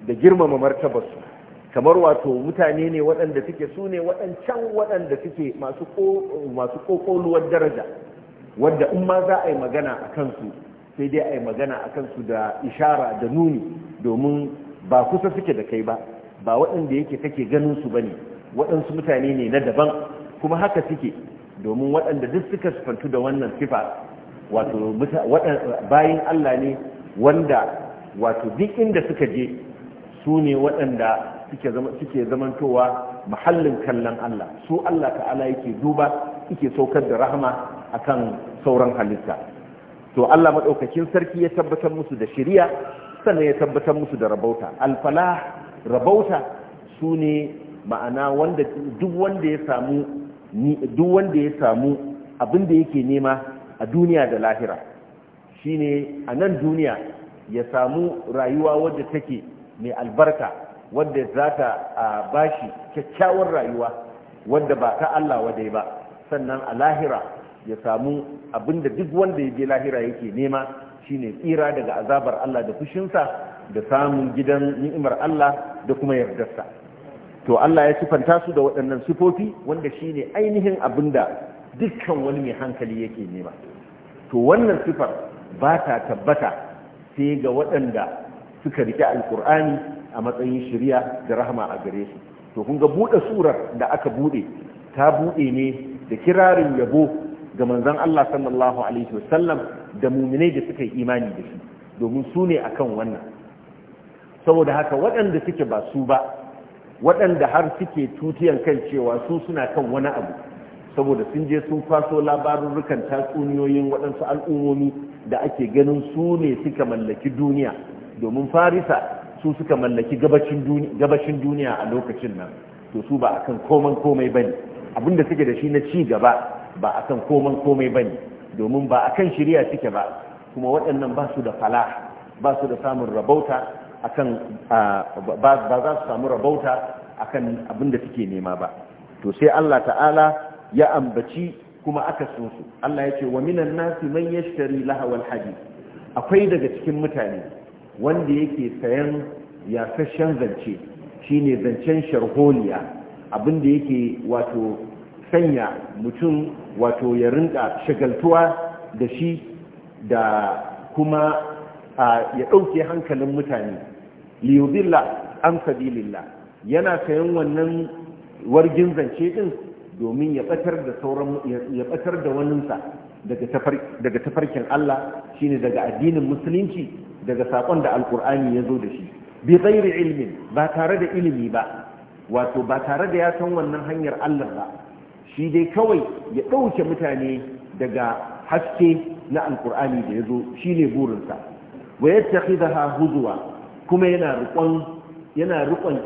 da girmama martabarsu kamar wato mutane ne waɗanda suke su ne waɗancan waɗanda suke masu ƙoƙoluwar daraja wadda in ma za a yi magana a kansu sai dai a yi magana a kansu da ishara da nuni domin ba kusa suke da kai ba ba waɗanda yake kake ganin su ba ne waɗansu mutane ne na daban kuma haka suke domin waɗanda duk suka sifantu da wannan sifa wato bayin Allah ne wanda wato duk inda suka je su ne waɗanda suke zamantowa mahallin kallon Allah su Allah ta'ala yake duba yake saukar da rahama kan sauran halitta to Allah maɗaukakin sarki ya tabbatar musu da shiriya sannan ya tabbatar musu da rabauta alfalah rabauta su ne ma'ana duk wanda ya samu duk wanda ya samu abin da yake nema a duniya da lahira shine a nan duniya ya samu rayuwa wadda take mai albarka wadda za ta shi kyakkyawar rayuwa wadda ba ta Allah wadai ba sannan a lahira ya samu abin da duk wanda ya je lahira yake nema shine tsira daga azabar Allah da fushinsa da samun gidan ni'imar Allah da kuma yardarsa to Allah ya sifanta su da waɗannan sifofi wanda shi ne ainihin abin da dukkan wani mai hankali yake nema to wannan sifar ba ta tabbata sai ga waɗanda suka rike alkur'ani a matsayin shirya da rahama a gare su to kun ga buɗe surar da aka buɗe ta buɗe ne da kirarin yabo ga manzon Allah sallallahu alaihi wasallam da muminai da suka yi imani da shi domin su ne akan wannan saboda haka waɗanda suke ba su ba waɗanda har suke tutiyan kan cewa su suna kan wani abu saboda sun je sun kwaso labarurrukan tatsuniyoyin waɗansu al'ummomi da ake ganin su ne suka mallaki duniya domin farisa su suka mallaki gabashin duniya a lokacin nan to su ba akan koman komai bane abinda suke da shi na ci gaba ba akan koman komai bane domin ba kan shirya suke ba kuma waɗannan ba su da fala ba su da samun rabauta akan ba za su samu rabauta akan abin da suke nema ba to sai Allah ta'ala ya ambaci kuma aka sunsu. Allah ya ce wa minan nasi man yashtari lahawal haji. akwai daga cikin mutane wanda yake sayan yasashen zance shine zancen sharholiya abin da yake wato sanya mutum wato ya rinka shagaltuwa da shi da kuma ya ɗauke hankalin mutane liyudilla an sabilillah yana sayan wannan wargin zance din domin ya tsakar da sauran ya tsakar da waninsa daga tafarkin Allah shine daga addinin musulunci daga sakon da alkur'ani ya zo da shi bi ghairi ilmin ba tare da ilimi ba wato ba tare da ya san wannan hanyar Allah ba shi dai kawai ya ɗauke mutane daga haske na alkur'ani da ya zo shine burinsa wa yattakhidha kuma yana riƙon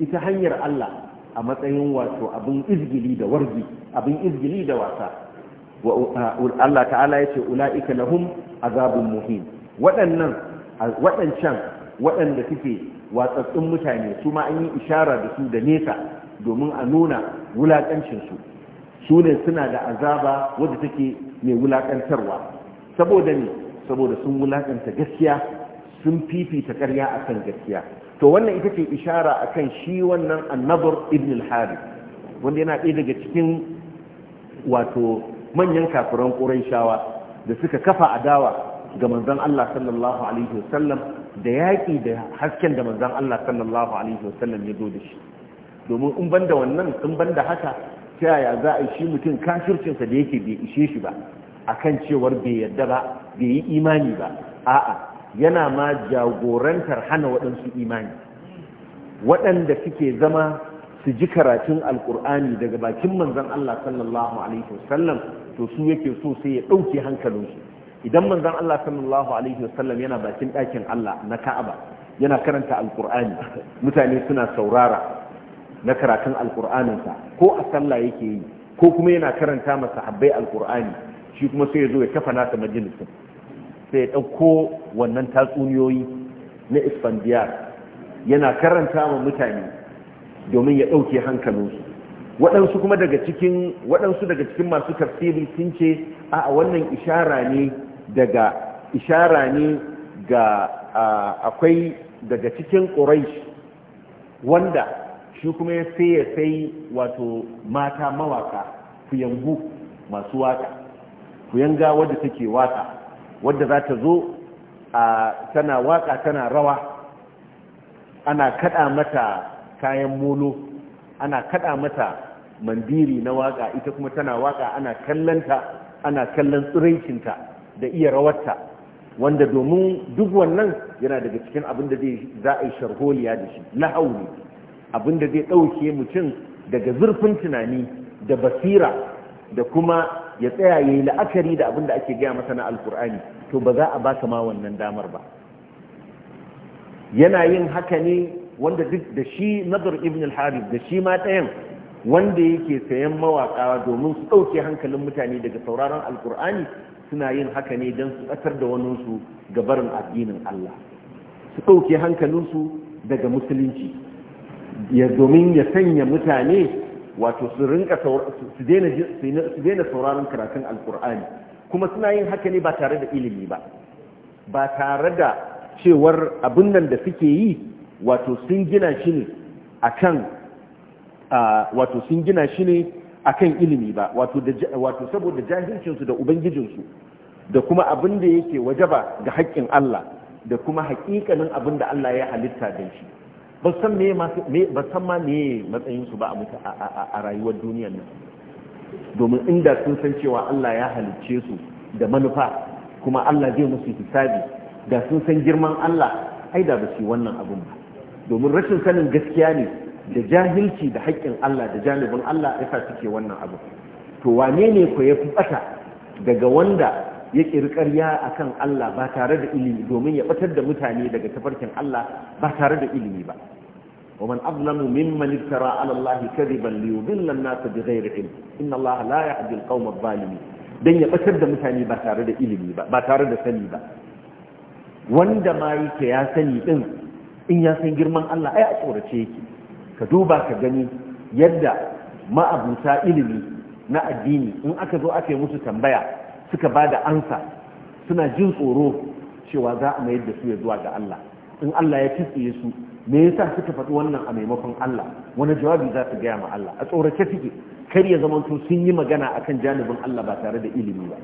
ita hanyar Allah a matsayin wato abin izgili da wargi abin izgili da wasa Allah ta'ala ya ce ula'ika lahum azabun muhim waɗannan waɗancan waɗanda suke watsattsun mutane su ma an yi ishara da su da nesa domin a nuna wulaƙancinsu su ne suna da azaba wadda take mai wulaƙantarwa saboda ne saboda sun wulaƙanta gaskiya sun fifita ƙarya a kan gaskiya to wannan ita ce ishara a kan shi wannan annabar ibn al-harith wanda yana ɗaya daga cikin wato manyan kafiran shawa da suka kafa adawa ga manzan Allah sallallahu alaihi wasallam da yaƙi da hasken da manzan Allah sallallahu alaihi wasallam ya zo da shi domin in banda wannan in banda haka ta yaya za a yi shi mutum kafircinsa da yake bai ishe shi ba akan cewar bai yarda ba bai yi imani ba a'a yana ma jagorantar hana waɗansu imani waɗanda suke zama su ji karatun alkur'ani daga bakin manzan Allah sallallahu alaihi wasallam to su yake so sai ya ɗauke hankalinsu idan manzan Allah sallallahu alaihi wasallam yana bakin ɗakin Allah na Ka'aba yana karanta alkur'ani mutane suna saurara na karatun alkur'aninsa ko a sallah yake yi ko kuma yana karanta masa habbai alkur'ani shi kuma sai ya zo ya kafa nasa majalisin sai ya ɗauko wannan tatsuniyoyi na isfandiyar yana karanta wa mutane domin ya ɗauke hankalinsu waɗansu kuma daga cikin waɗansu daga cikin masu tafsiri sun ce a wannan ishara ne daga ishara ne ga akwai daga cikin ƙuraishi wanda shi kuma ya sai ya sai wato mata mawaka kuyangu masu waka kuyanga wadda take waka wadda za ta zo a tana waka tana rawa ana kada mata kayan molo ana kada mata mandiri na waka ita kuma tana waka ana kallanta ana kallon tsiraicinta da iya rawarta wanda domin duk wannan yana daga cikin abin da za a yi sharholiya da shi lahauni abin da zai ɗauke mutum daga zurfin tunani da basira da kuma ya tsaya yayi la'akari da abin da ake gaya masa na alkur'ani to ba za a ba ka ma wannan damar ba yana yin haka ne wanda duk da shi nazar ibn al-harith da shi ma ɗayan wanda yake sayan mawaƙa domin su ɗauke hankalin mutane daga sauraron alkur'ani suna yin haka ne don su ɓatar da waninsu ga barin addinin allah su ɗauke hankalinsu daga musulunci domin ya sanya mutane wato su rinka su daina sauraron karatun alkur'ani kuma suna yin haka ne ba tare da ilimi ba ba tare da cewar abin nan da suke yi wato sun gina shi ne akan wato sun gina shi ne akan ilimi ba wato saboda jahilcinsu da ubangijinsu da kuma abin da yake wajaba ga haƙƙin Allah da kuma haƙiƙanin abin da Allah ya halitta da shi ba san ma ne matsayinsu ba a rayuwar duniyar nan domin inda sun san cewa Allah ya halicce su da manufa kuma Allah zai musu hisabi da sun san girman Allah ai da ba su wannan abun ba domin rashin sanin gaskiya ne da jahilci da haƙƙin Allah da janibin Allah ya sa suke wannan abu to wane ne ku ya fi daga wanda ya ƙirƙarya ƙarya a kan Allah ba tare da ilimi domin ya ɓatar da mutane daga tafarkin Allah ba tare da ilimi ba ومن أظلم ممن افترى على الله كذبا ليضل الناس بغير علم إن الله لا يهدي القوم الظالمين ya ɓatar da mutane ba tare da ilimi ba ba tare da sani ba wanda ma yake ya sani din in ya san girman Allah ai a tsorace yake ka duba ka gani yadda ma'abuta ilimi na addini in aka zo aka musu tambaya suka ba da ansa suna jin tsoro cewa za a mayar da su ya zuwa ga Allah in Allah ya tsitsiye su me yasa suka faɗi wannan a maimakon Allah wani jawabi za su gaya ma Allah a tsorace suke kar ya zama sun yi magana akan janibin Allah ba tare da ilimi ba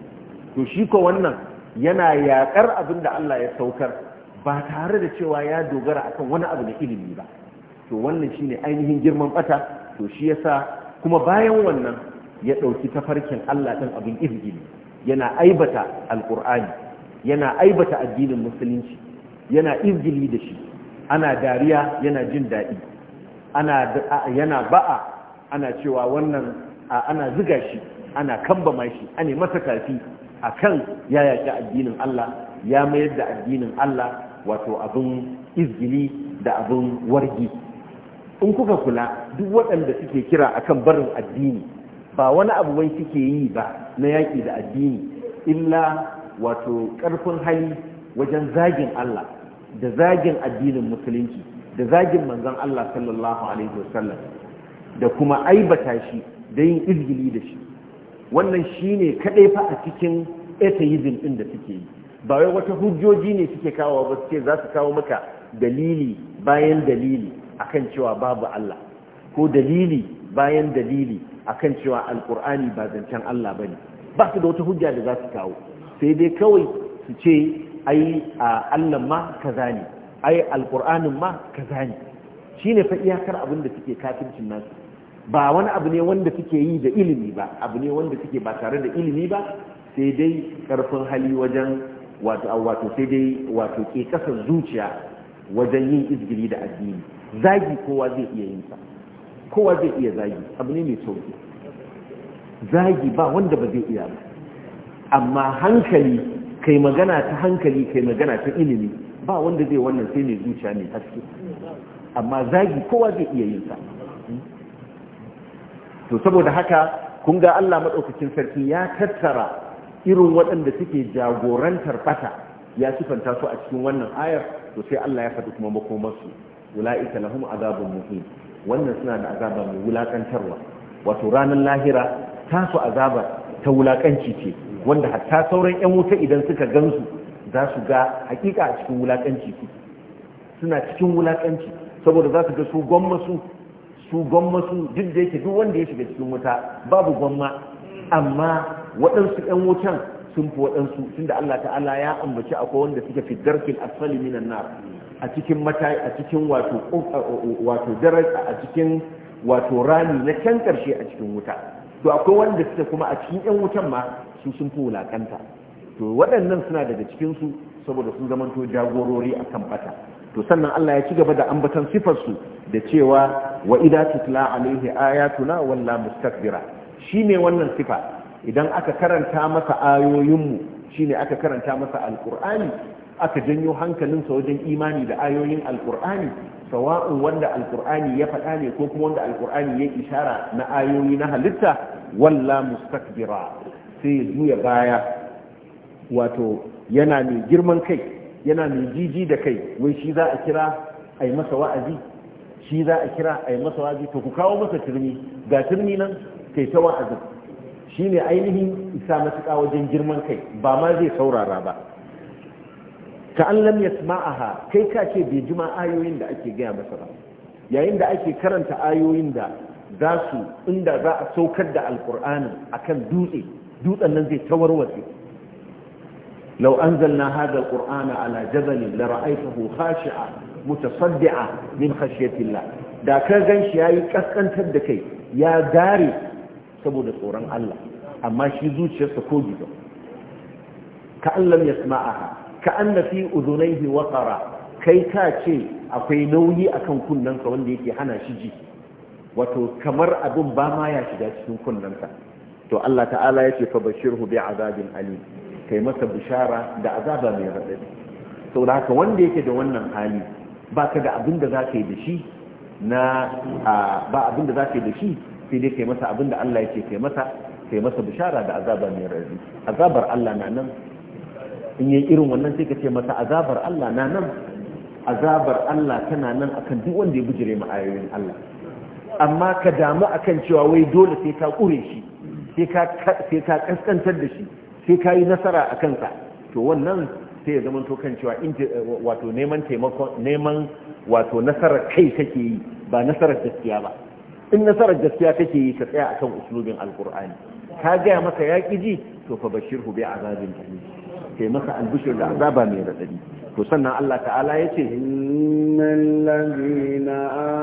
to shi ko wannan yana yaƙar abin da Allah ya saukar ba tare da cewa ya dogara akan wani abu da ilimi ba to wannan shine ainihin girman bata to shi yasa kuma bayan wannan ya ɗauki tafarkin Allah ɗin abin izgili yana aibata alkur'ani yana aibata addinin musulunci yana izgili da shi ana dariya yana jin daɗi yana ba'a ana cewa wannan ana ziga shi ana kambama shi ana masa kafi a kan ya yaki addinin Allah ya mayar da addinin Allah wato abin izgili da abin wargi in kuka kula duk waɗanda suke kira akan barin addini ba wani abu wai suke yi ba na yaƙi da addini illa wato ƙarfin hali wajen zagin Allah da zagin addinin musulunci da zagin manzon Allah sallallahu alaihi wasallam da kuma aibata shi da yin izgili da shi wannan shine kadai fa a cikin atheism din da suke yi ba wai wata hujjoji ne suke kawo ba suke za su kawo maka dalili bayan dalili akan cewa babu Allah ko dalili bayan dalili A kan cewa Alƙur'ani ba zancen Allah bane ba su da wata hujja da za su kawo sai dai kawai su ce ai Allah ma ka ne ai Alƙur'anin ma ka shi ne shine fa iyakar abin da suke kafincin nasu ba wani abu ne wanda suke yi da ilimi ba abu ne wanda suke ba tare da ilimi ba sai dai karfin hali wajen wato wato sai dai wato ke kasar zuciya wajen yin izgiri da addini zagi kowa zai iya yin sa kowa zai iya zagi abu ne mai sauki zagi ba wanda ba zai iya ba amma hankali kai magana ta hankali kai magana ta ilimi ba wanda zai wannan sai mai zuciya mai haske amma zagi kowa zai iya yin sa to saboda haka kun ga Allah madaukakin sarki ya tattara irin waɗanda suke jagorantar fata ya sifanta su a cikin wannan ayar to sai Allah ya faɗi kuma makomarsu ula'ika lahum adabun muhim wannan suna da azaba mai wulakantarwa wato ranar lahira tasu azaba ta wulakanci ce wanda hatta sauran yan wuta idan suka gansu za su ga hakika a cikin wulakanci su suna cikin wulakanci saboda za su ga su gwamma su su gwamma su duk da yake duk wanda ya shiga cikin wuta babu gwamma amma waɗansu yan wutan sun fi waɗansu tunda Allah ta'ala ya ambaci akwai wanda suke fi darkin asfali minan nar a cikin matai a cikin wato wato daraja a cikin wato rami na can karshe a cikin wuta to akwai wanda suke kuma a cikin yan wutan ma su sun fi wulakanta to waɗannan suna daga cikin su saboda sun zamanto jagorori kan bata to sannan Allah ya ci gaba da ambatan sifar su da cewa wa idza tutla alaihi ayatuna walla mustakbira shine wannan sifa idan aka karanta masa ayoyinmu shine aka karanta masa alqur'ani aka janyo hankalinsa wajen imani da ayoyin alkur'ani sawa'un wanda alkur'ani ya faɗa ne ko kuma wanda alkur'ani ya ishara na ayoyi na halitta walla mustakbira sai ya juya baya wato yana mai girman kai yana mai jiji da kai wai shi za a kira a yi masa wa'azi shi za a kira a yi masa wa'azi to ku kawo masa turmi ga turmi nan kai ta wa'azin shi ne ainihin isa matuƙa wajen girman kai ba ma zai saurara ba ka an lam yasma'aha kai ka ce bai jima ayoyin da ake gaya masa ba yayin da ake karanta ayoyin da za su inda za a saukar da alkur'ani akan dutse dutsen nan zai tawarwace لو أنزلنا هذا القرآن على جبل لرأيته خاشعا متصدعا من خشية الله دا كغنش ياي كسكن تدكي يا داري سبود القرآن الله أما شي زوجي سكوجي كأن لم يسمعها ka anna fi udhunayhi kai ka ce akwai nauyi akan kunnensa wanda yake hana shi ji wato kamar abin ba ma ya shiga cikin kunnansa to Allah ta'ala ya ce fa bashirhu bi azabin alim kai masa bishara da azaba mai radadi saboda haka wanda yake da wannan hali ba ka da abin da zaka yi da shi na ba abin da zaka yi da shi sai dai kai masa abin da Allah yake kai masa kai masa bishara da azaba mai raɗaɗi. azabar Allah na nan in yi irin wannan sai ka ce mata azabar Allah na nan azabar Allah tana nan akan duk wanda ya bujire mu ayoyin Allah amma ka damu akan cewa wai dole sai ka kure shi sai ka kaskantar da shi sai ka yi nasara a kansa? to wannan sai ya zama to kan cewa wato neman taimako neman wato nasarar kai take yi ba nasarar gaskiya ba in nasarar gaskiya take yi ka tsaya akan uslubin alkur'ani ka gaya maka yaƙi ji to fa bashirhu bi azabin alim yi masa albishir da azaba mai raɗaɗi to sannan Allah ta'ala ya ce innan lalina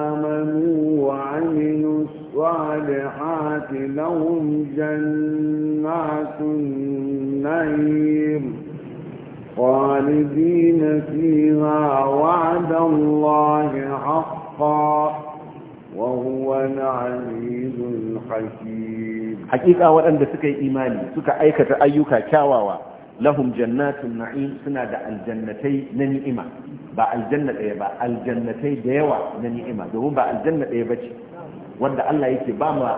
amanu wa aminu wa'ade hati lahun jannatun na'im walidin fiha wa'ada Allah haqqa wa huwa al-hakim hakika waɗanda suka yi imani suka aikata ayyuka kyawawa lahum jannatun na'im suna da aljannatai na ni'ima ba aljanna ɗaya ba aljannatai da yawa na ni'ima domin ba aljanna ɗaya ba ce wanda Allah yake ba ma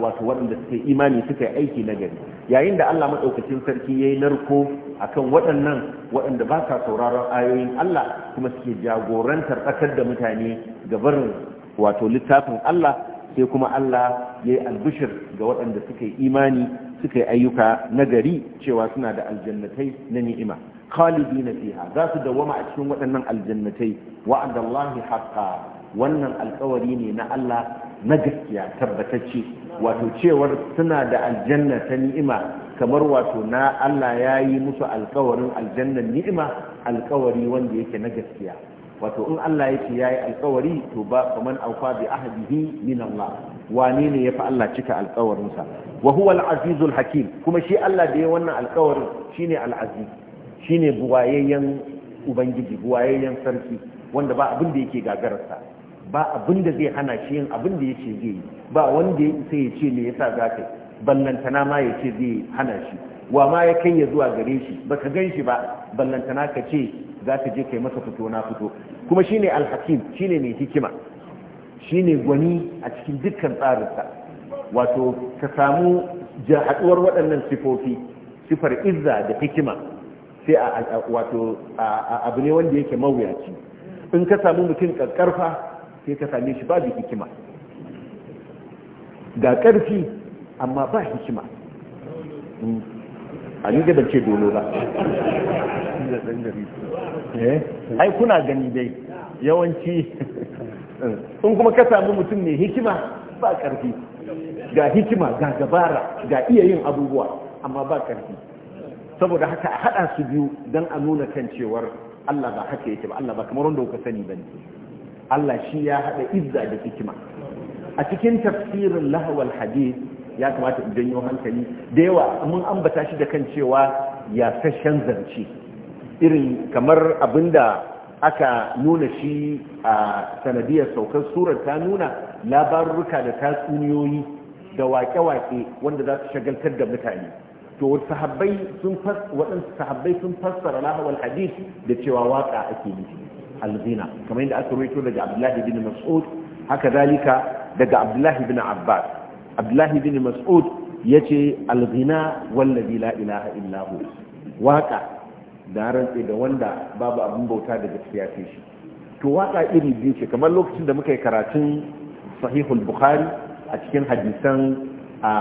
wato waɗanda suka imani suka yi aiki na gari yayin da Allah maɗaukacin sarki ya yi narko akan waɗannan waɗanda ba sa sauraron ayoyin Allah kuma suke jagorantar tsakar da mutane ga barin wato littafin Allah sai kuma Allah ya yi albishir ga waɗanda suka yi imani suka yi ayyuka nagari cewa suna da aljannatai na ni'ima na fiha za su dawama a cikin waɗannan aljannatai wa'adallahi haqqan wannan alƙawari ne na Allah na gaskiya tabbatacce wato cewar suna da aljanna ta ni'ima kamar wato na Allah ya yi musu alƙawarin aljannan ni'ima alƙawari wanda yake na gaskiya wato in Allah yake yayi alƙawari to ba kaman aufa bi ahadihi min Allah wane ne ya fi Allah cika alkawarinsa wa huwa al-azizul hakim kuma shi Allah da ya wannan alkawarin shine al-aziz shine buwayayyen ubangiji buwayayyen sarki wanda ba abin da yake gagararsa ba abin da zai hana shi yin abin da yake zai yi ba wanda ya sai ya ce me yasa za ka ballantana ma ya ce zai hana shi wa ma ya kai ya zuwa gare shi baka gan shi ba ballantana ka ce za ka je kai masa fito na fito kuma shine alhakim, hakim shine mai hikima Shi ne gwani a cikin dukkan tsarinsa wato ka samu haɗuwar waɗannan sifofi sifar izza da hikima sai a wato abu ne wanda yake mawuyaci in ka samu mutum ƙarƙarfa sai ka same shi babu hikima ga ƙarfi amma ba hikima hmm. a yi gaban ce dolo ba eh? ai kuna gani dai yawanci in kuma ka samu mutum mai hikima ba karfi ga hikima ga gabara ga iya yin abubuwa amma ba karfi saboda haka a haɗa su biyu don a nuna kan cewar Allah ba haka yake ba Allah ba kamar wanda kuka sani bane Allah shi ya haɗa izza da hikima a cikin tafsirin lahawal hadith ya kamata in janyo hankali da yawa mun ambata shi da kan cewa ya sashen zance irin kamar abinda aka nuna shi a sanadiyar saukar surar ta nuna labarurruka da tatsuniyoyi da wake-wake wanda za su shagaltar da mutane to waɗansu sahabbai sun fassara lahawar hadith da cewa waka ake nufi alzina kamar yadda aka rito daga abdullahi bin mas'ud haka zalika daga abdullahi bin abbas abdullahi bin mas'ud ya ce alzina wallazi la ilaha illahu waka da rantse da wanda babu abin bauta da gaskiya ce shi to waka iri biyu ce kamar lokacin da muka yi karatun sahihul bukhari a cikin hadisan a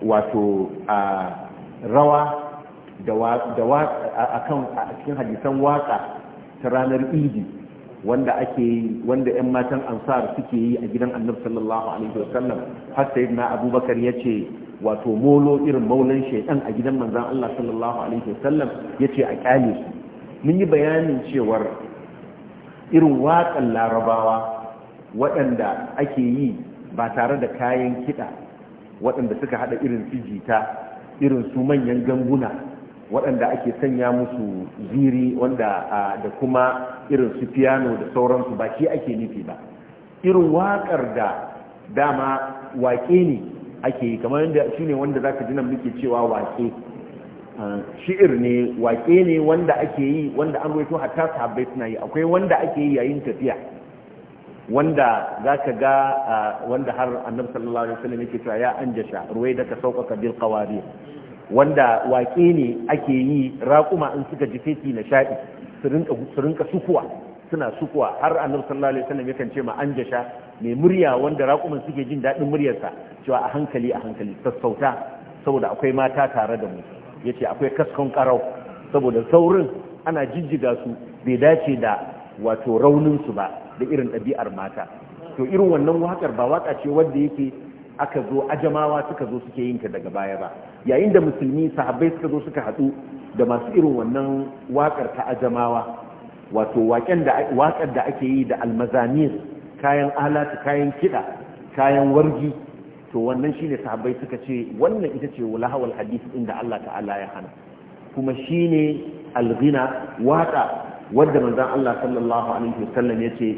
wato a rawa da a kan a cikin hadisan waka ta ranar idi wanda ake wanda 'yan matan ansar suke yi a gidan annabi sallallahu alaihi wasallam har sayyidina abubakar yace wato molo irin maulan shaidan a gidan manzan Allah sallallahu alaihi wasallam ce a kyale su mun yi bayanin cewar irin waƙan larabawa waɗanda ake yi ba tare da kayan kiɗa waɗanda suka haɗa irin su jita irin su manyan ganguna waɗanda ake sanya musu ziri wanda da kuma irin su piano da sauransu ba shi ake nufi ba irin waƙar da dama waƙe ne ake yi kamar yadda shi ne wanda zaka ji nan muke cewa wake ah, shi'ir ne wake ne wanda ake yi wanda an a hatta sahabbai suna yi akwai wanda ake yi yayin tafiya wanda za ka ga ah, wanda har annabi sallallahu alaihi wasallam yake cewa ya anjasha ruwai da ka sauƙaƙa bil qawari wanda wake ne ake yi raƙuma in suka ji feti na shaɗi su rinka sukuwa suna sukuwa har annabi sallallahu alaihi wasallam yakan ce ma anjasha mai murya wanda raƙumin suke jin daɗin muryarsa cewa a hankali a hankali sassauta saboda akwai mata tare da mu yace akwai kaskon karau saboda saurin ana jijjiga su bai dace da wato raunin su ba da irin ɗabi'ar mata to irin wannan waƙar ba waƙa ce wanda yake aka zo ajamawa suka zo suke yin ta daga baya ba yayin da musulmi sahabbai suka zo suka haɗu da masu irin wannan waƙar ta ajamawa wato waƙar da ake yi da almazamir kayan alatu kayan kiɗa kayan wargi to wannan shine sahabbai suka ce wannan ita ce lahawal hadith inda Allah ta'ala ya hana kuma shine alghina waƙa wadda manzon Allah sallallahu alaihi wasallam ce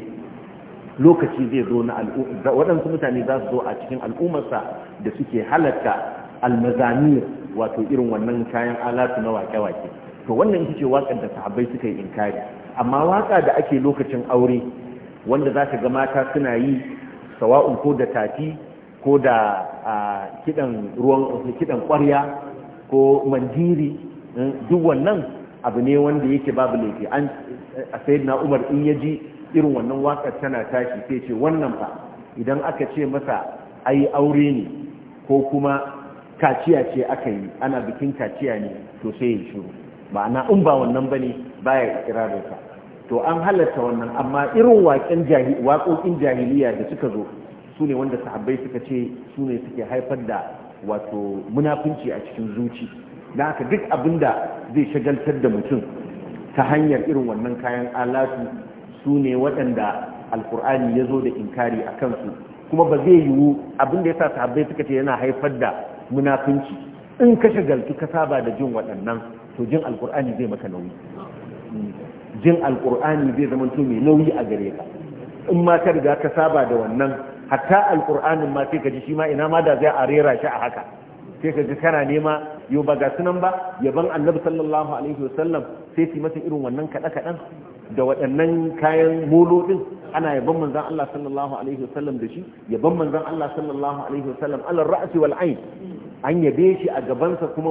lokaci zai zo na al'umma waɗansu mutane za su zo a cikin al'ummarsa da suke halatta almazamir wato irin wannan kayan alatu na wake-wake to wannan ita ce waƙar da sahabbai suka yi inkari amma waka da ake lokacin aure wanda za ka ga mata suna yi sawa'un ko da tafi ko da kidan ruwan kwarya ko manjiri eh, duk wannan abu ne wanda yake babu laifi an a na Umar in ya ji irin wannan wakar tana tashi sai ce wannan fa idan aka ce masa ai aure ne ko kuma kaciya ce aka yi ana bikin kaciya ne to sai ya shiru ma'ana in ba wannan ba ne baya ikirarin to an halarta wannan amma irin waƙoƙin jahiliya da suka zo su ne wanda sahabbai suka ce su ne suke haifar da wato munafunci a cikin zuci na haka duk abin da zai shagaltar da mutum ta hanyar irin wannan kayan alatu su ne waɗanda alkur'ani ya zo da inkari a kansu kuma ba zai yiwu abin da ya sa sahabbai suka ce yana haifar da munafunci in ka shagaltu ka saba da jin waɗannan to jin alkur'ani zai maka nauyi jin alkur'ani zai zama to mai nauyi a gare ka in ma ka riga ka saba da wannan hatta alkur'anin ma sai ka ji shi ma ina ma da zai a rera shi a haka sai ka ji kana nema Yau ba ga sunan ba yaban annabi sallallahu alaihi wasallam sai su masa irin wannan kaɗa kaɗan da waɗannan kayan molo ɗin ana yaban manzon Allah sallallahu alaihi wasallam da shi yaban manzon Allah sallallahu alaihi wasallam alal ra'si wal ayn an yabe shi a gabansa kuma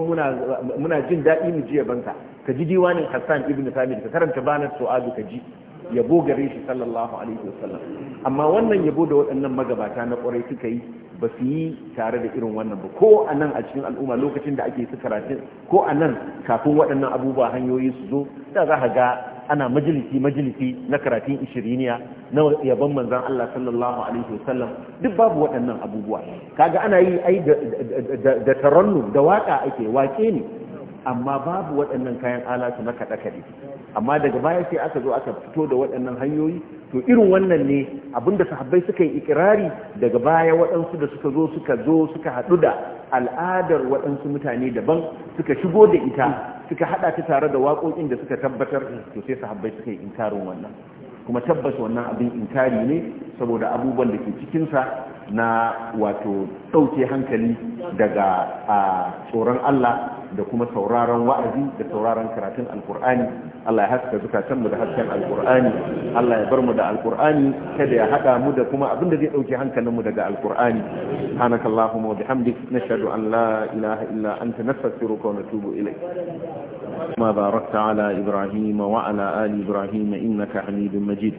muna jin daɗi mu ji yabansa ka ji diwanin Hassan ibn Thabit ka karanta banar su'adu ka ji yabo gare shi sallallahu alaihi wasallam amma wannan yabo da waɗannan magabata na ƙwarai suka yi ba su yi tare da irin wannan ba ko a nan a cikin al'umma lokacin da ake su karatun ko a nan kafin waɗannan abubuwa hanyoyi su zo da za ka ga ana majalisi majalisi na karatun ishiriniya na yaban manzan Allah sallallahu alaihi wasallam duk babu waɗannan abubuwa kaga ana yi ai da tarannu da waka ake wake ne amma babu waɗannan kayan alatu na kaɗe-kaɗe amma daga baya sai aka zo aka fito da waɗannan hanyoyi to irin wannan ne abinda sahabbai suka yi ikirari daga baya waɗansu da suka zo suka zo suka haɗu da al'adar waɗansu mutane daban suka shigo da ita suka haɗa ta tare da waƙoƙin da suka tabbatar to sai sahabbai suka yi inkarin wannan kuma tabbas wannan abin inkari ne saboda abubuwan da ke cikinsa na wato ɗauke hankali daga tsoron Allah da kuma sauraron wa'azi da sauraron karatun alkur'ani Allah ya haska zukatan mu da hasken alkur'ani Allah ya bar mu da alkur'ani kada ya hada mu da kuma abin da zai dauke hankalin mu daga alkur'ani subhanaka allahumma wa bihamdik nashhadu an la ilaha illa anta nastaghfiruka wa natubu ilayk ما باركت على إبراهيم وعلى آل إبراهيم إنك حميد مجيد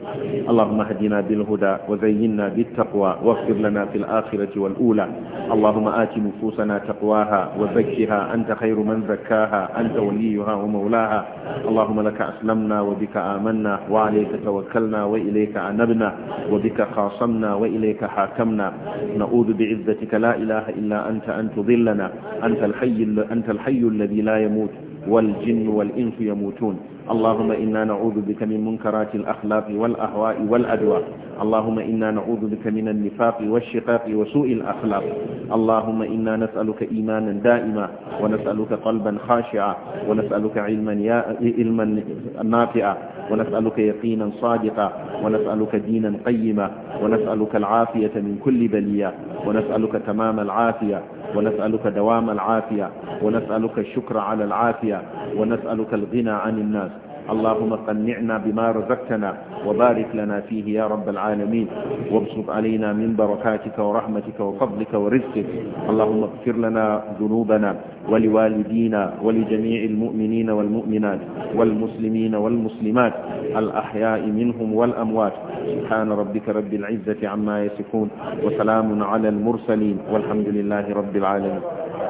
اللهم اهدنا بالهدى وزينا بالتقوى واغفر لنا في الآخرة والأولى اللهم آت نفوسنا تقواها وزكها أنت خير من زكاها أنت وليها ومولاها اللهم لك أسلمنا وبك آمنا وعليك توكلنا وإليك عنبنا وبك خاصمنا وإليك حاكمنا نعوذ بعزتك لا إله إلا أنت أن تضلنا أنت الحي, أنت الحي الذي لا يموت والجن والإنس يموتون اللهم إنا نعوذ بك من منكرات الأخلاق والأهواء والأدواء اللهم إنا نعوذ بك من النفاق والشقاق وسوء الأخلاق اللهم إنا نسألك إيمانا دائما ونسألك قلبا خاشعا ونسألك علما, يا... علما نافعا ونسألك يقينا صادقا ونسألك دينا قيما ونسألك العافية من كل بلية ونسألك تمام العافية ونسألك دوام العافية ونسألك الشكر على العافية ونسألك الغنى عن الناس اللهم قنعنا بما رزقتنا وبارك لنا فيه يا رب العالمين وابسط علينا من بركاتك ورحمتك وفضلك ورزقك اللهم اغفر لنا ذنوبنا ولوالدينا ولجميع المؤمنين والمؤمنات والمسلمين والمسلمات الأحياء منهم والأموات سبحان ربك رب العزة عما يصفون وسلام على المرسلين والحمد لله رب العالمين